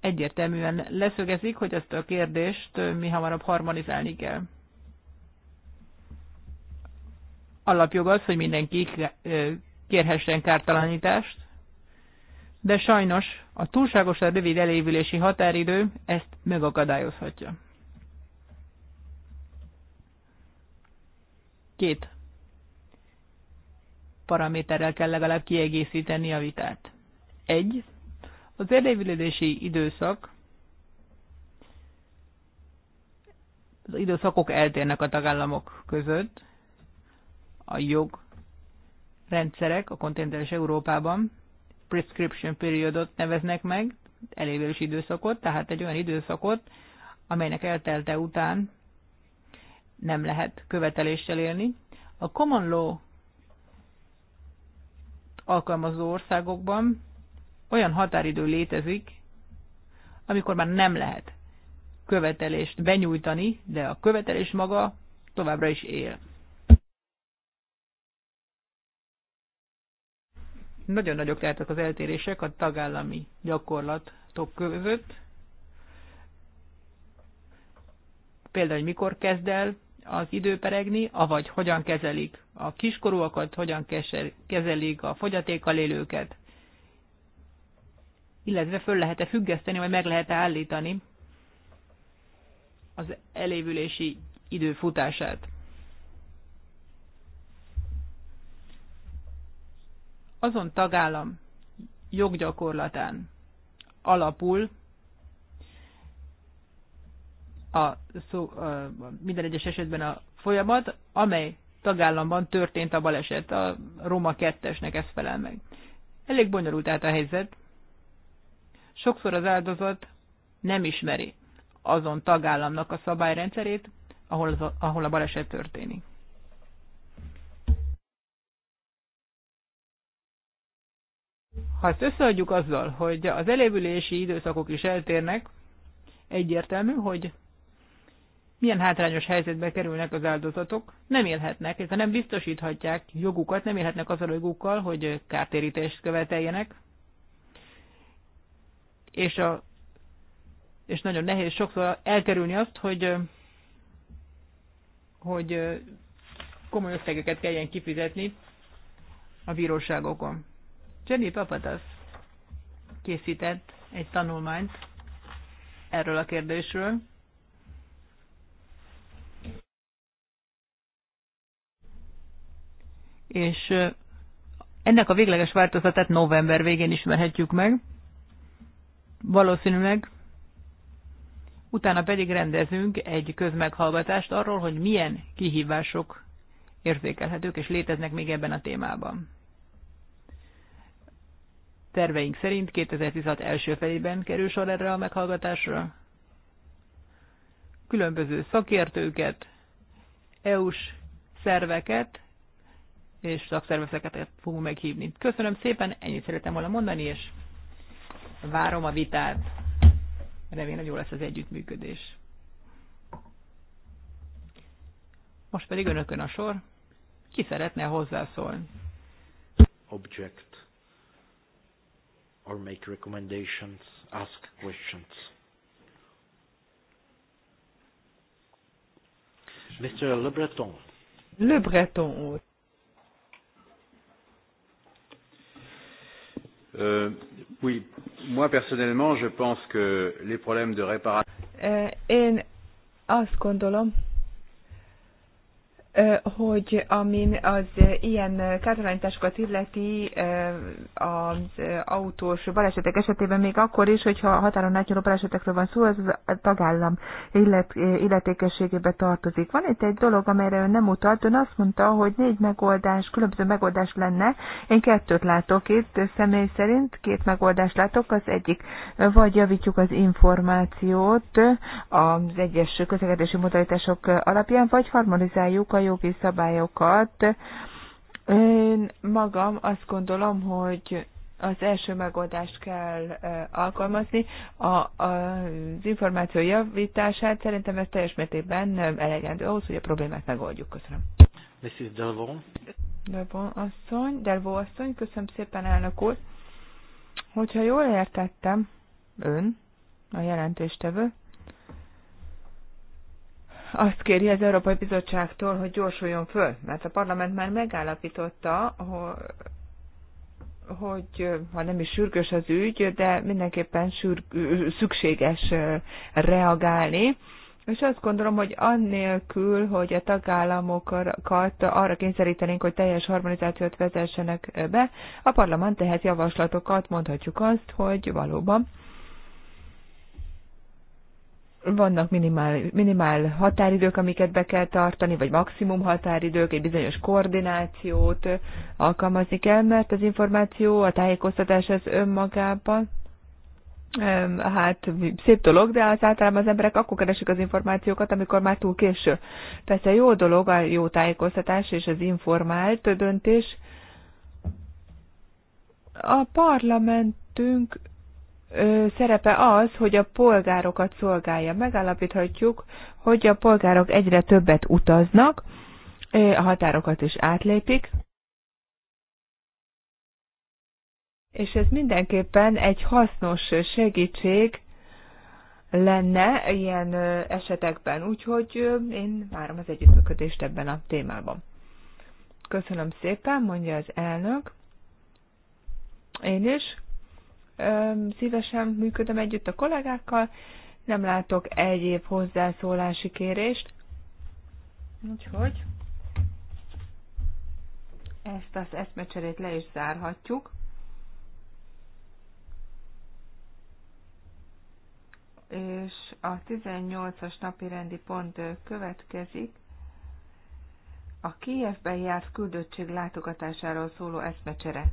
egyértelműen leszögezik, hogy ezt a kérdést eh, mi hamarabb harmonizálni kell. Alapjog az, hogy mindenki eh, kérhessen kártalanítást, de sajnos a túlságosan rövid elévülési határidő ezt megakadályozhatja. két paraméterrel kell legalább kiegészíteni a vitát. Egy, az érdekvédési időszak, az időszakok eltérnek a tagállamok között, a jog rendszerek a kontinentális Európában prescription periodot neveznek meg, elévős időszakot, tehát egy olyan időszakot, amelynek eltelte után nem lehet követeléssel élni. A common law alkalmazó országokban olyan határidő létezik, amikor már nem lehet követelést benyújtani, de a követelés maga továbbra is él. Nagyon nagyok tehetek az eltérések a tagállami gyakorlatok között. Például, hogy mikor kezd el az időperegni, avagy hogyan kezelik a kiskorúakat, hogyan kezelik a fogyatékkal élőket, illetve föl lehet-e függeszteni, vagy meg lehet-e állítani az elévülési idő futását. Azon tagállam joggyakorlatán alapul a szó, a minden egyes esetben a folyamat, amely tagállamban történt a baleset, a Roma 2-esnek ez felel meg. Elég bonyolult tehát a helyzet. Sokszor az áldozat nem ismeri azon tagállamnak a szabályrendszerét, ahol, az, ahol a baleset történik. Ha ezt összeadjuk azzal, hogy az elévülési időszakok is eltérnek, egyértelmű, hogy milyen hátrányos helyzetbe kerülnek az áldozatok, nem élhetnek, illetve nem biztosíthatják jogukat, nem élhetnek az a jogukkal, hogy kártérítést követeljenek, és, a, és nagyon nehéz sokszor elkerülni azt, hogy, hogy komoly összegeket kelljen kifizetni a bíróságokon. Jenny Papatas készített egy tanulmányt erről a kérdésről, és ennek a végleges változatát november végén ismerhetjük meg, valószínűleg. Utána pedig rendezünk egy közmeghallgatást arról, hogy milyen kihívások érzékelhetők és léteznek még ebben a témában. Terveink szerint 2016 első felében kerül sor erre a meghallgatásra. Különböző szakértőket, EU-s szerveket és szakszervezeteket fogunk meghívni. Köszönöm szépen, ennyit szeretem volna mondani, és várom a vitát. Remélem, jó lesz az együttműködés. Most pedig önökön a sor. Ki szeretne hozzászólni? Object or make recommendations, ask questions. Mr. Le Breton. Le Breton úr. Euh, oui, moi personnellement, je pense que les problèmes de réparation. Euh, én azt gondolom, hogy amin az ilyen kártalanításokat illeti az autós balesetek esetében még akkor is, hogyha határon átnyúló balesetekről van szó, az a tagállam illet, illetékességébe tartozik. Van itt egy dolog, amelyre ön nem utalt. Ön azt mondta, hogy négy megoldás, különböző megoldás lenne. Én kettőt látok itt, személy szerint két megoldást látok. Az egyik, vagy javítjuk az információt az egyes közlekedési modalitások alapján, vagy harmonizáljuk a jogi szabályokat. Én magam azt gondolom, hogy az első megoldást kell alkalmazni. A, a, az információ javítását szerintem ez teljes mértékben elegendő ahhoz, hogy a problémát megoldjuk. Köszönöm. Mrs. Delvon. Delvon asszony, Delvon asszony, köszönöm szépen, elnök úr. Hogyha jól értettem, ön, a jelentéstevő, azt kéri az Európai Bizottságtól, hogy gyorsuljon föl, mert a parlament már megállapította, hogy ha nem is sürgős az ügy, de mindenképpen szükséges reagálni. És azt gondolom, hogy annélkül, hogy a tagállamokat arra kényszerítenénk, hogy teljes harmonizációt vezessenek be, a parlament tehet javaslatokat, mondhatjuk azt, hogy valóban vannak minimál, minimál határidők, amiket be kell tartani, vagy maximum határidők, egy bizonyos koordinációt alkalmazni kell, mert az információ, a tájékoztatás az önmagában, hát szép dolog, de az általában az emberek akkor keresik az információkat, amikor már túl késő. Persze jó dolog a jó tájékoztatás és az informált döntés. A parlamentünk szerepe az, hogy a polgárokat szolgálja. Megállapíthatjuk, hogy a polgárok egyre többet utaznak, a határokat is átlépik, és ez mindenképpen egy hasznos segítség lenne ilyen esetekben, úgyhogy én várom az együttműködést ebben a témában. Köszönöm szépen, mondja az elnök. Én is szívesen működöm együtt a kollégákkal, nem látok egyéb hozzászólási kérést. Úgyhogy ezt az eszmecserét le is zárhatjuk. És a 18-as napi rendi pont következik. A Kievben járt küldöttség látogatásáról szóló eszmecsere.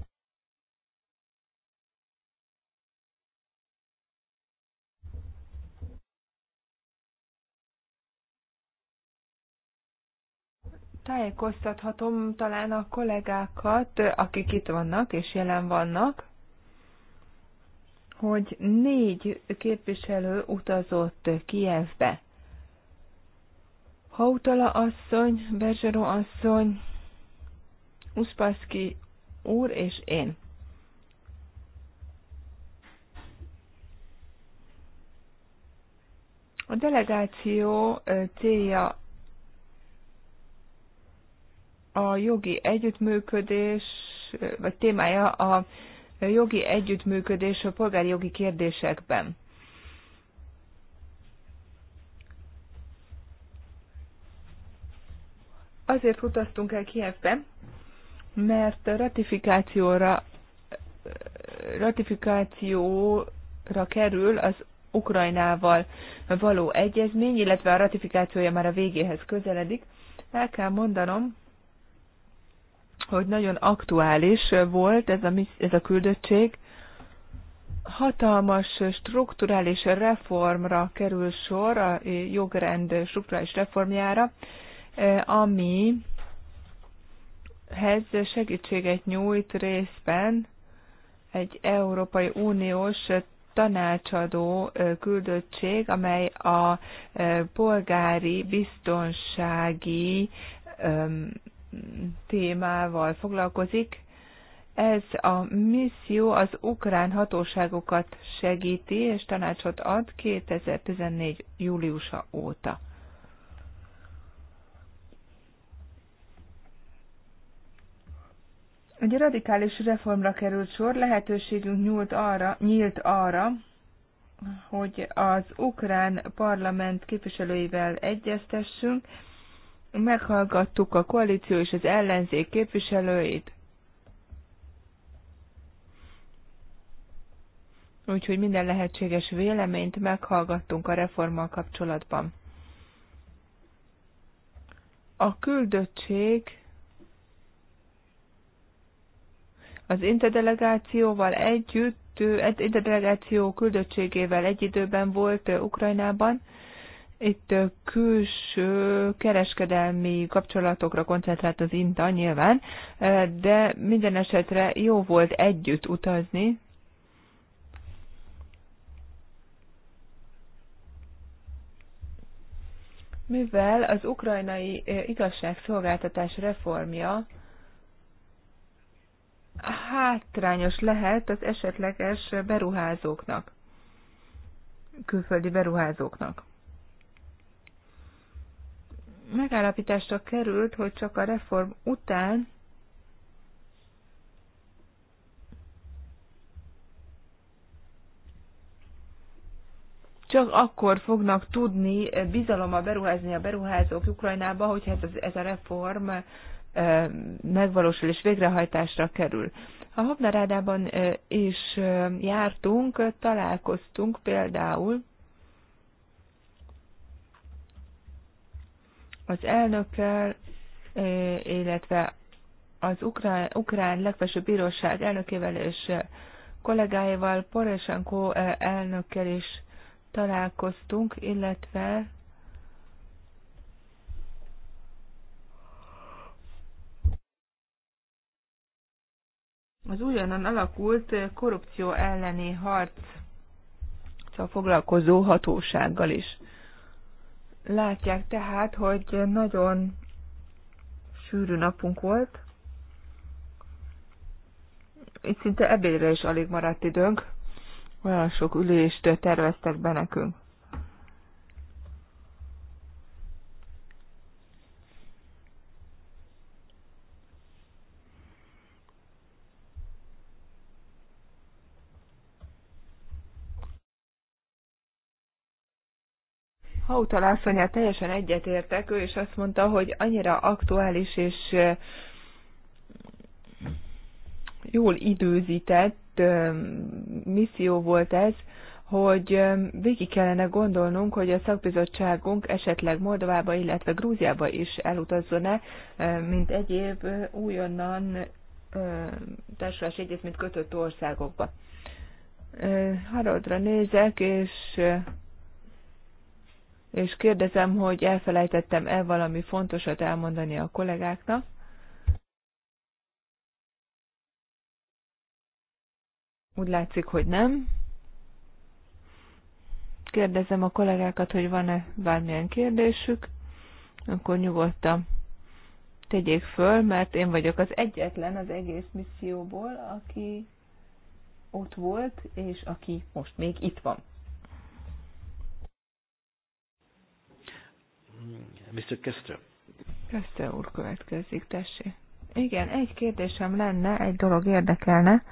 Tájékoztathatom talán a kollégákat, akik itt vannak és jelen vannak, hogy négy képviselő utazott Kievbe. Hautala asszony, Bezsero asszony, Uspaszki úr és én. A delegáció célja a jogi együttműködés, vagy témája a jogi együttműködés a polgári jogi kérdésekben. Azért utaztunk el Kievbe, mert a ratifikációra ratifikációra kerül az Ukrajnával való egyezmény, illetve a ratifikációja már a végéhez közeledik. El kell mondanom, hogy nagyon aktuális volt ez a, ez a küldöttség. Hatalmas strukturális reformra kerül sor, a jogrend strukturális reformjára, amihez segítséget nyújt részben egy Európai Uniós tanácsadó küldöttség, amely a polgári biztonsági témával foglalkozik. Ez a misszió az ukrán hatóságokat segíti és tanácsot ad 2014. júliusa óta. Egy radikális reformra került sor, lehetőségünk nyúlt arra, nyílt arra, hogy az ukrán parlament képviselőivel egyeztessünk, meghallgattuk a koalíció és az ellenzék képviselőit, úgyhogy minden lehetséges véleményt meghallgattunk a reformmal kapcsolatban. A küldöttség az interdelegációval együtt, interdelegáció küldöttségével egy időben volt Ukrajnában, itt külső kereskedelmi kapcsolatokra koncentrált az INTA nyilván, de minden esetre jó volt együtt utazni, mivel az ukrajnai igazságszolgáltatás reformja hátrányos lehet az esetleges beruházóknak, külföldi beruházóknak megállapításra került, hogy csak a reform után csak akkor fognak tudni bizalommal beruházni a beruházók Ukrajnába, hogyha ez, ez a reform megvalósul és végrehajtásra kerül. A Hobnarádában is jártunk, találkoztunk például Az elnökkel, eh, illetve az ukrán, ukrán legfelsőbb bíróság elnökével és eh, kollégáival, Poroshenko eh, elnökkel is találkoztunk, illetve az újonnan alakult korrupció elleni harc foglalkozó hatósággal is. Látják tehát, hogy nagyon sűrű napunk volt. Itt szinte ebédre is alig maradt időnk. Olyan sok ülést terveztek be nekünk. Hautal asszonyát teljesen egyetértek, ő is azt mondta, hogy annyira aktuális és jól időzített misszió volt ez, hogy végig kellene gondolnunk, hogy a szakbizottságunk esetleg Moldovába, illetve Grúziába is elutazzon-e, mint egyéb újonnan társulási egyezményt kötött országokba. Haroldra nézek, és és kérdezem, hogy elfelejtettem-e valami fontosat elmondani a kollégáknak. Úgy látszik, hogy nem. Kérdezem a kollégákat, hogy van-e bármilyen kérdésük, akkor nyugodtan tegyék föl, mert én vagyok az egyetlen az egész misszióból, aki ott volt, és aki most még itt van. Mr. Kester. Kester úr következik, tessék. Igen, egy kérdésem lenne, egy dolog érdekelne.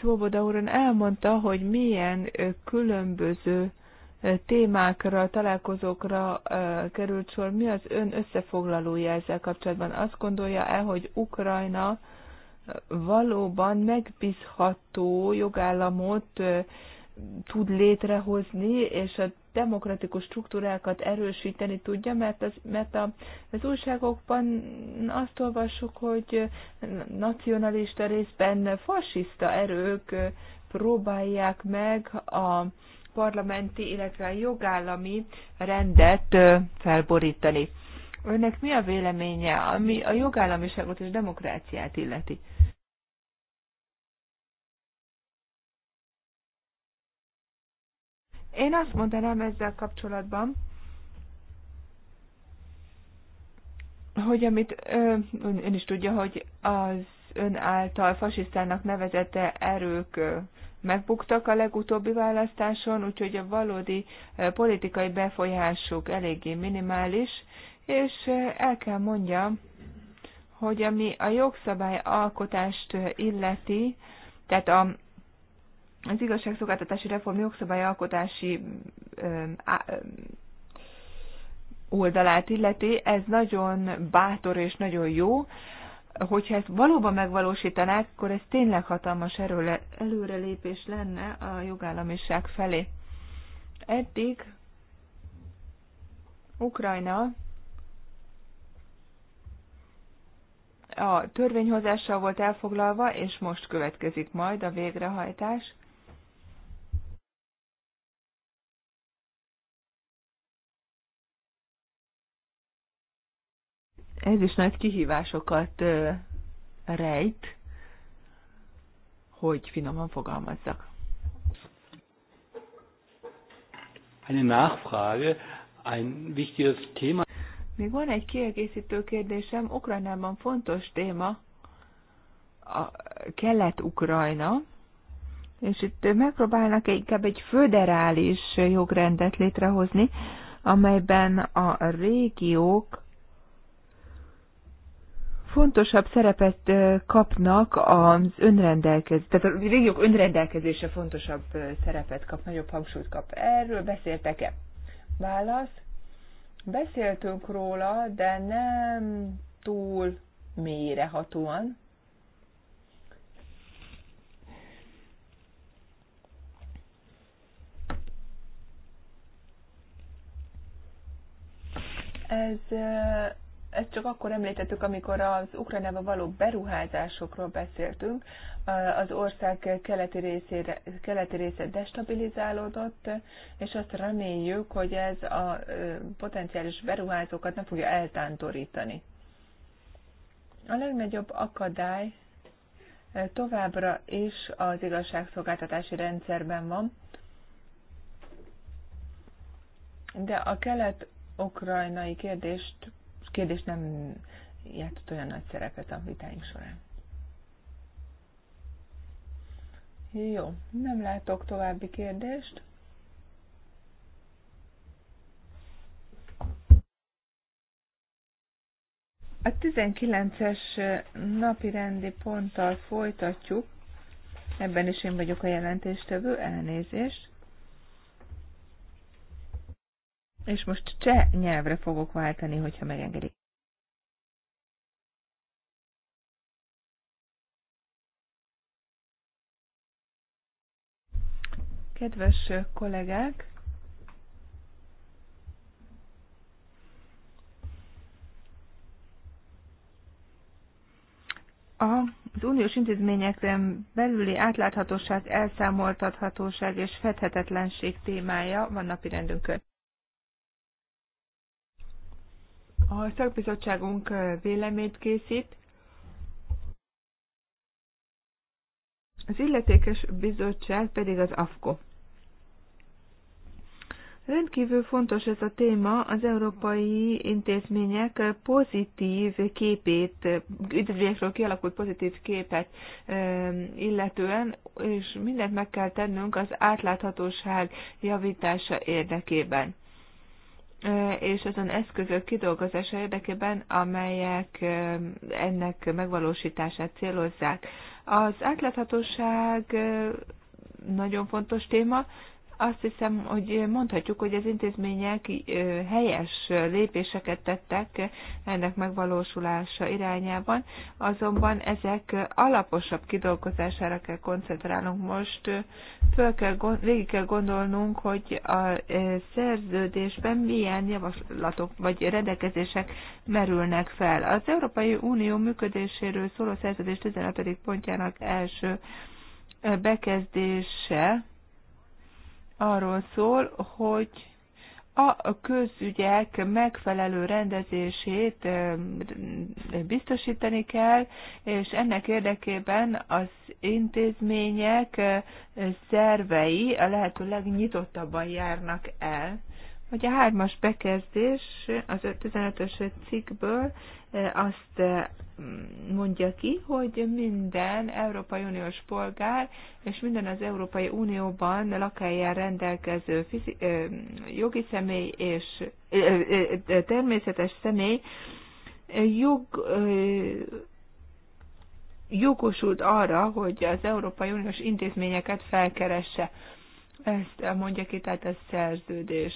Szóboda úrön elmondta, hogy milyen különböző témákra, találkozókra került sor. Mi az ön összefoglalója ezzel kapcsolatban? Azt gondolja-e, hogy Ukrajna valóban megbízható jogállamot tud létrehozni, és a demokratikus struktúrákat erősíteni tudja, mert az, mert a, az újságokban azt olvassuk, hogy nacionalista részben fasiszta erők próbálják meg a parlamenti, illetve a jogállami rendet felborítani. Önnek mi a véleménye, ami a jogállamiságot és demokráciát illeti? Én azt mondanám ezzel kapcsolatban, hogy amit ö, ön is tudja, hogy az ön által fasisztának nevezette erők megbuktak a legutóbbi választáson, úgyhogy a valódi politikai befolyásuk eléggé minimális, és el kell mondjam, hogy ami a jogszabály alkotást illeti, tehát a az igazságszolgáltatási reform jogszabályalkotási oldalát illeti, ez nagyon bátor és nagyon jó. Hogyha ezt valóban megvalósítanák, akkor ez tényleg hatalmas erőle, előrelépés lenne a jogállamiság felé. Eddig Ukrajna a törvényhozással volt elfoglalva, és most következik majd a végrehajtás. ez is nagy kihívásokat rejt, hogy finoman fogalmazzak. Eine Nachfrage, ein wichtiges Thema. Még van egy kiegészítő kérdésem, Ukrajnában fontos téma, a Kelet-Ukrajna, és itt megpróbálnak inkább egy föderális jogrendet létrehozni, amelyben a régiók fontosabb szerepet kapnak az önrendelkezés, tehát a régiók önrendelkezése fontosabb szerepet kap, nagyobb hangsúlyt kap. Erről beszéltek-e? Válasz. Beszéltünk róla, de nem túl mélyrehatóan. Ez ezt csak akkor említettük, amikor az Ukrajnába való beruházásokról beszéltünk. Az ország keleti, részére, keleti része destabilizálódott, és azt reméljük, hogy ez a potenciális beruházókat nem fogja eltántorítani. A legnagyobb akadály továbbra is az igazságszolgáltatási rendszerben van, de a kelet-ukrajnai kérdést kérdés nem játszott olyan nagy szerepet a vitáink során. Jó, nem látok további kérdést. A 19-es napi rendi ponttal folytatjuk. Ebben is én vagyok a jelentéstevő, elnézést. és most cseh nyelvre fogok váltani, hogyha megengedik. Kedves kollégák! Az uniós intézmények belüli átláthatóság, elszámoltathatóság és fedhetetlenség témája van napirendünkön. A szakbizottságunk véleményt készít. Az illetékes bizottság pedig az AFKO. Rendkívül fontos ez a téma, az európai intézmények pozitív képét, üdvözlésekről kialakult pozitív képet illetően, és mindent meg kell tennünk az átláthatóság javítása érdekében és azon eszközök kidolgozása érdekében, amelyek ennek megvalósítását célozzák. Az átláthatóság nagyon fontos téma, azt hiszem, hogy mondhatjuk, hogy az intézmények helyes lépéseket tettek ennek megvalósulása irányában, azonban ezek alaposabb kidolgozására kell koncentrálnunk most. Föl kell, végig kell gondolnunk, hogy a szerződésben milyen javaslatok vagy rendelkezések merülnek fel. Az Európai Unió működéséről szóló szerződés 15. pontjának első bekezdése arról szól, hogy a közügyek megfelelő rendezését biztosítani kell, és ennek érdekében az intézmények szervei a lehető legnyitottabban járnak el hogy a hármas bekezdés az 15-ös cikkből eh, azt eh, mondja ki, hogy minden Európai Uniós polgár és minden az Európai Unióban lakájára rendelkező eh, jogi személy és természetes személy jog, jogosult arra, hogy az Európai Uniós intézményeket felkeresse. Ezt mondja ki tehát a szerződés.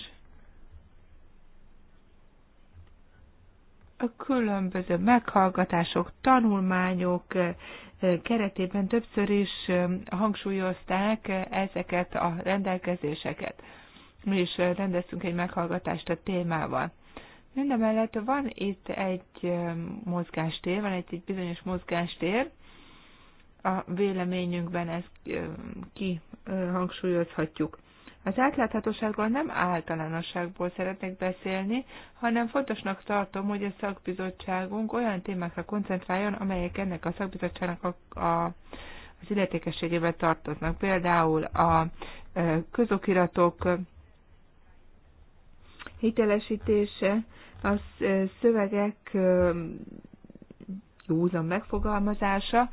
különböző meghallgatások, tanulmányok eh, eh, keretében többször is eh, hangsúlyozták ezeket a rendelkezéseket. Mi is rendeztünk egy meghallgatást a témával. Mindemellett van itt egy mozgástér, van itt egy bizonyos mozgástér, a véleményünkben ezt kihangsúlyozhatjuk. Az átláthatóságról nem általánosságból szeretnék beszélni, hanem fontosnak tartom, hogy a szakbizottságunk olyan témákra koncentráljon, amelyek ennek a szakbizottságnak a, a, az illetékességébe tartoznak. Például a e, közokiratok hitelesítése, a e, szövegek e, józan megfogalmazása,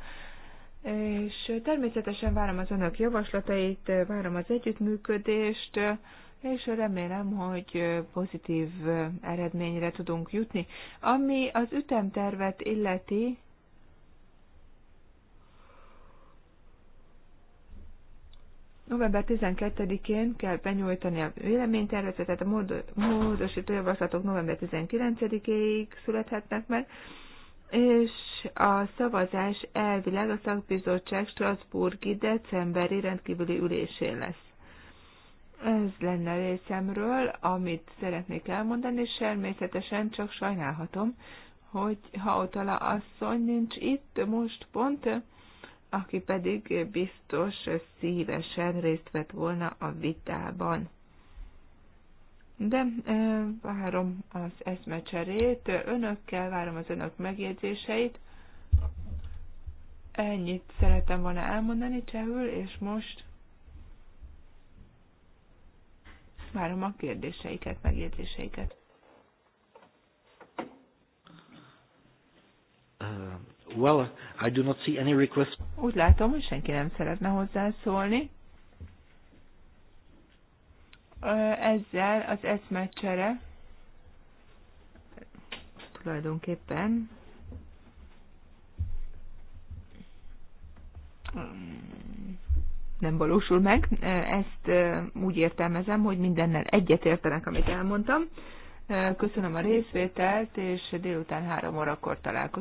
és természetesen várom az önök javaslatait, várom az együttműködést, és remélem, hogy pozitív eredményre tudunk jutni. Ami az ütemtervet illeti, November 12-én kell benyújtani a véleménytervezetet, a módosító javaslatok november 19-ig születhetnek meg, és a szavazás elvileg a szakbizottság Strasburgi decemberi rendkívüli ülésén lesz. Ez lenne részemről, amit szeretnék elmondani, és természetesen csak sajnálhatom, hogy ha Hautala asszony nincs itt most pont, aki pedig biztos szívesen részt vett volna a vitában de várom az eszmecserét önökkel, várom az önök megjegyzéseit. Ennyit szeretem volna elmondani csehül, és most várom a kérdéseiket, megjegyzéseiket. Uh, well, I do not see any request. Úgy látom, hogy senki nem szeretne hozzászólni ezzel az eszmecsere tulajdonképpen mm, nem valósul meg. Ezt úgy értelmezem, hogy mindennel egyetértenek, amit elmondtam. Köszönöm a részvételt, és délután három órakor találkozunk.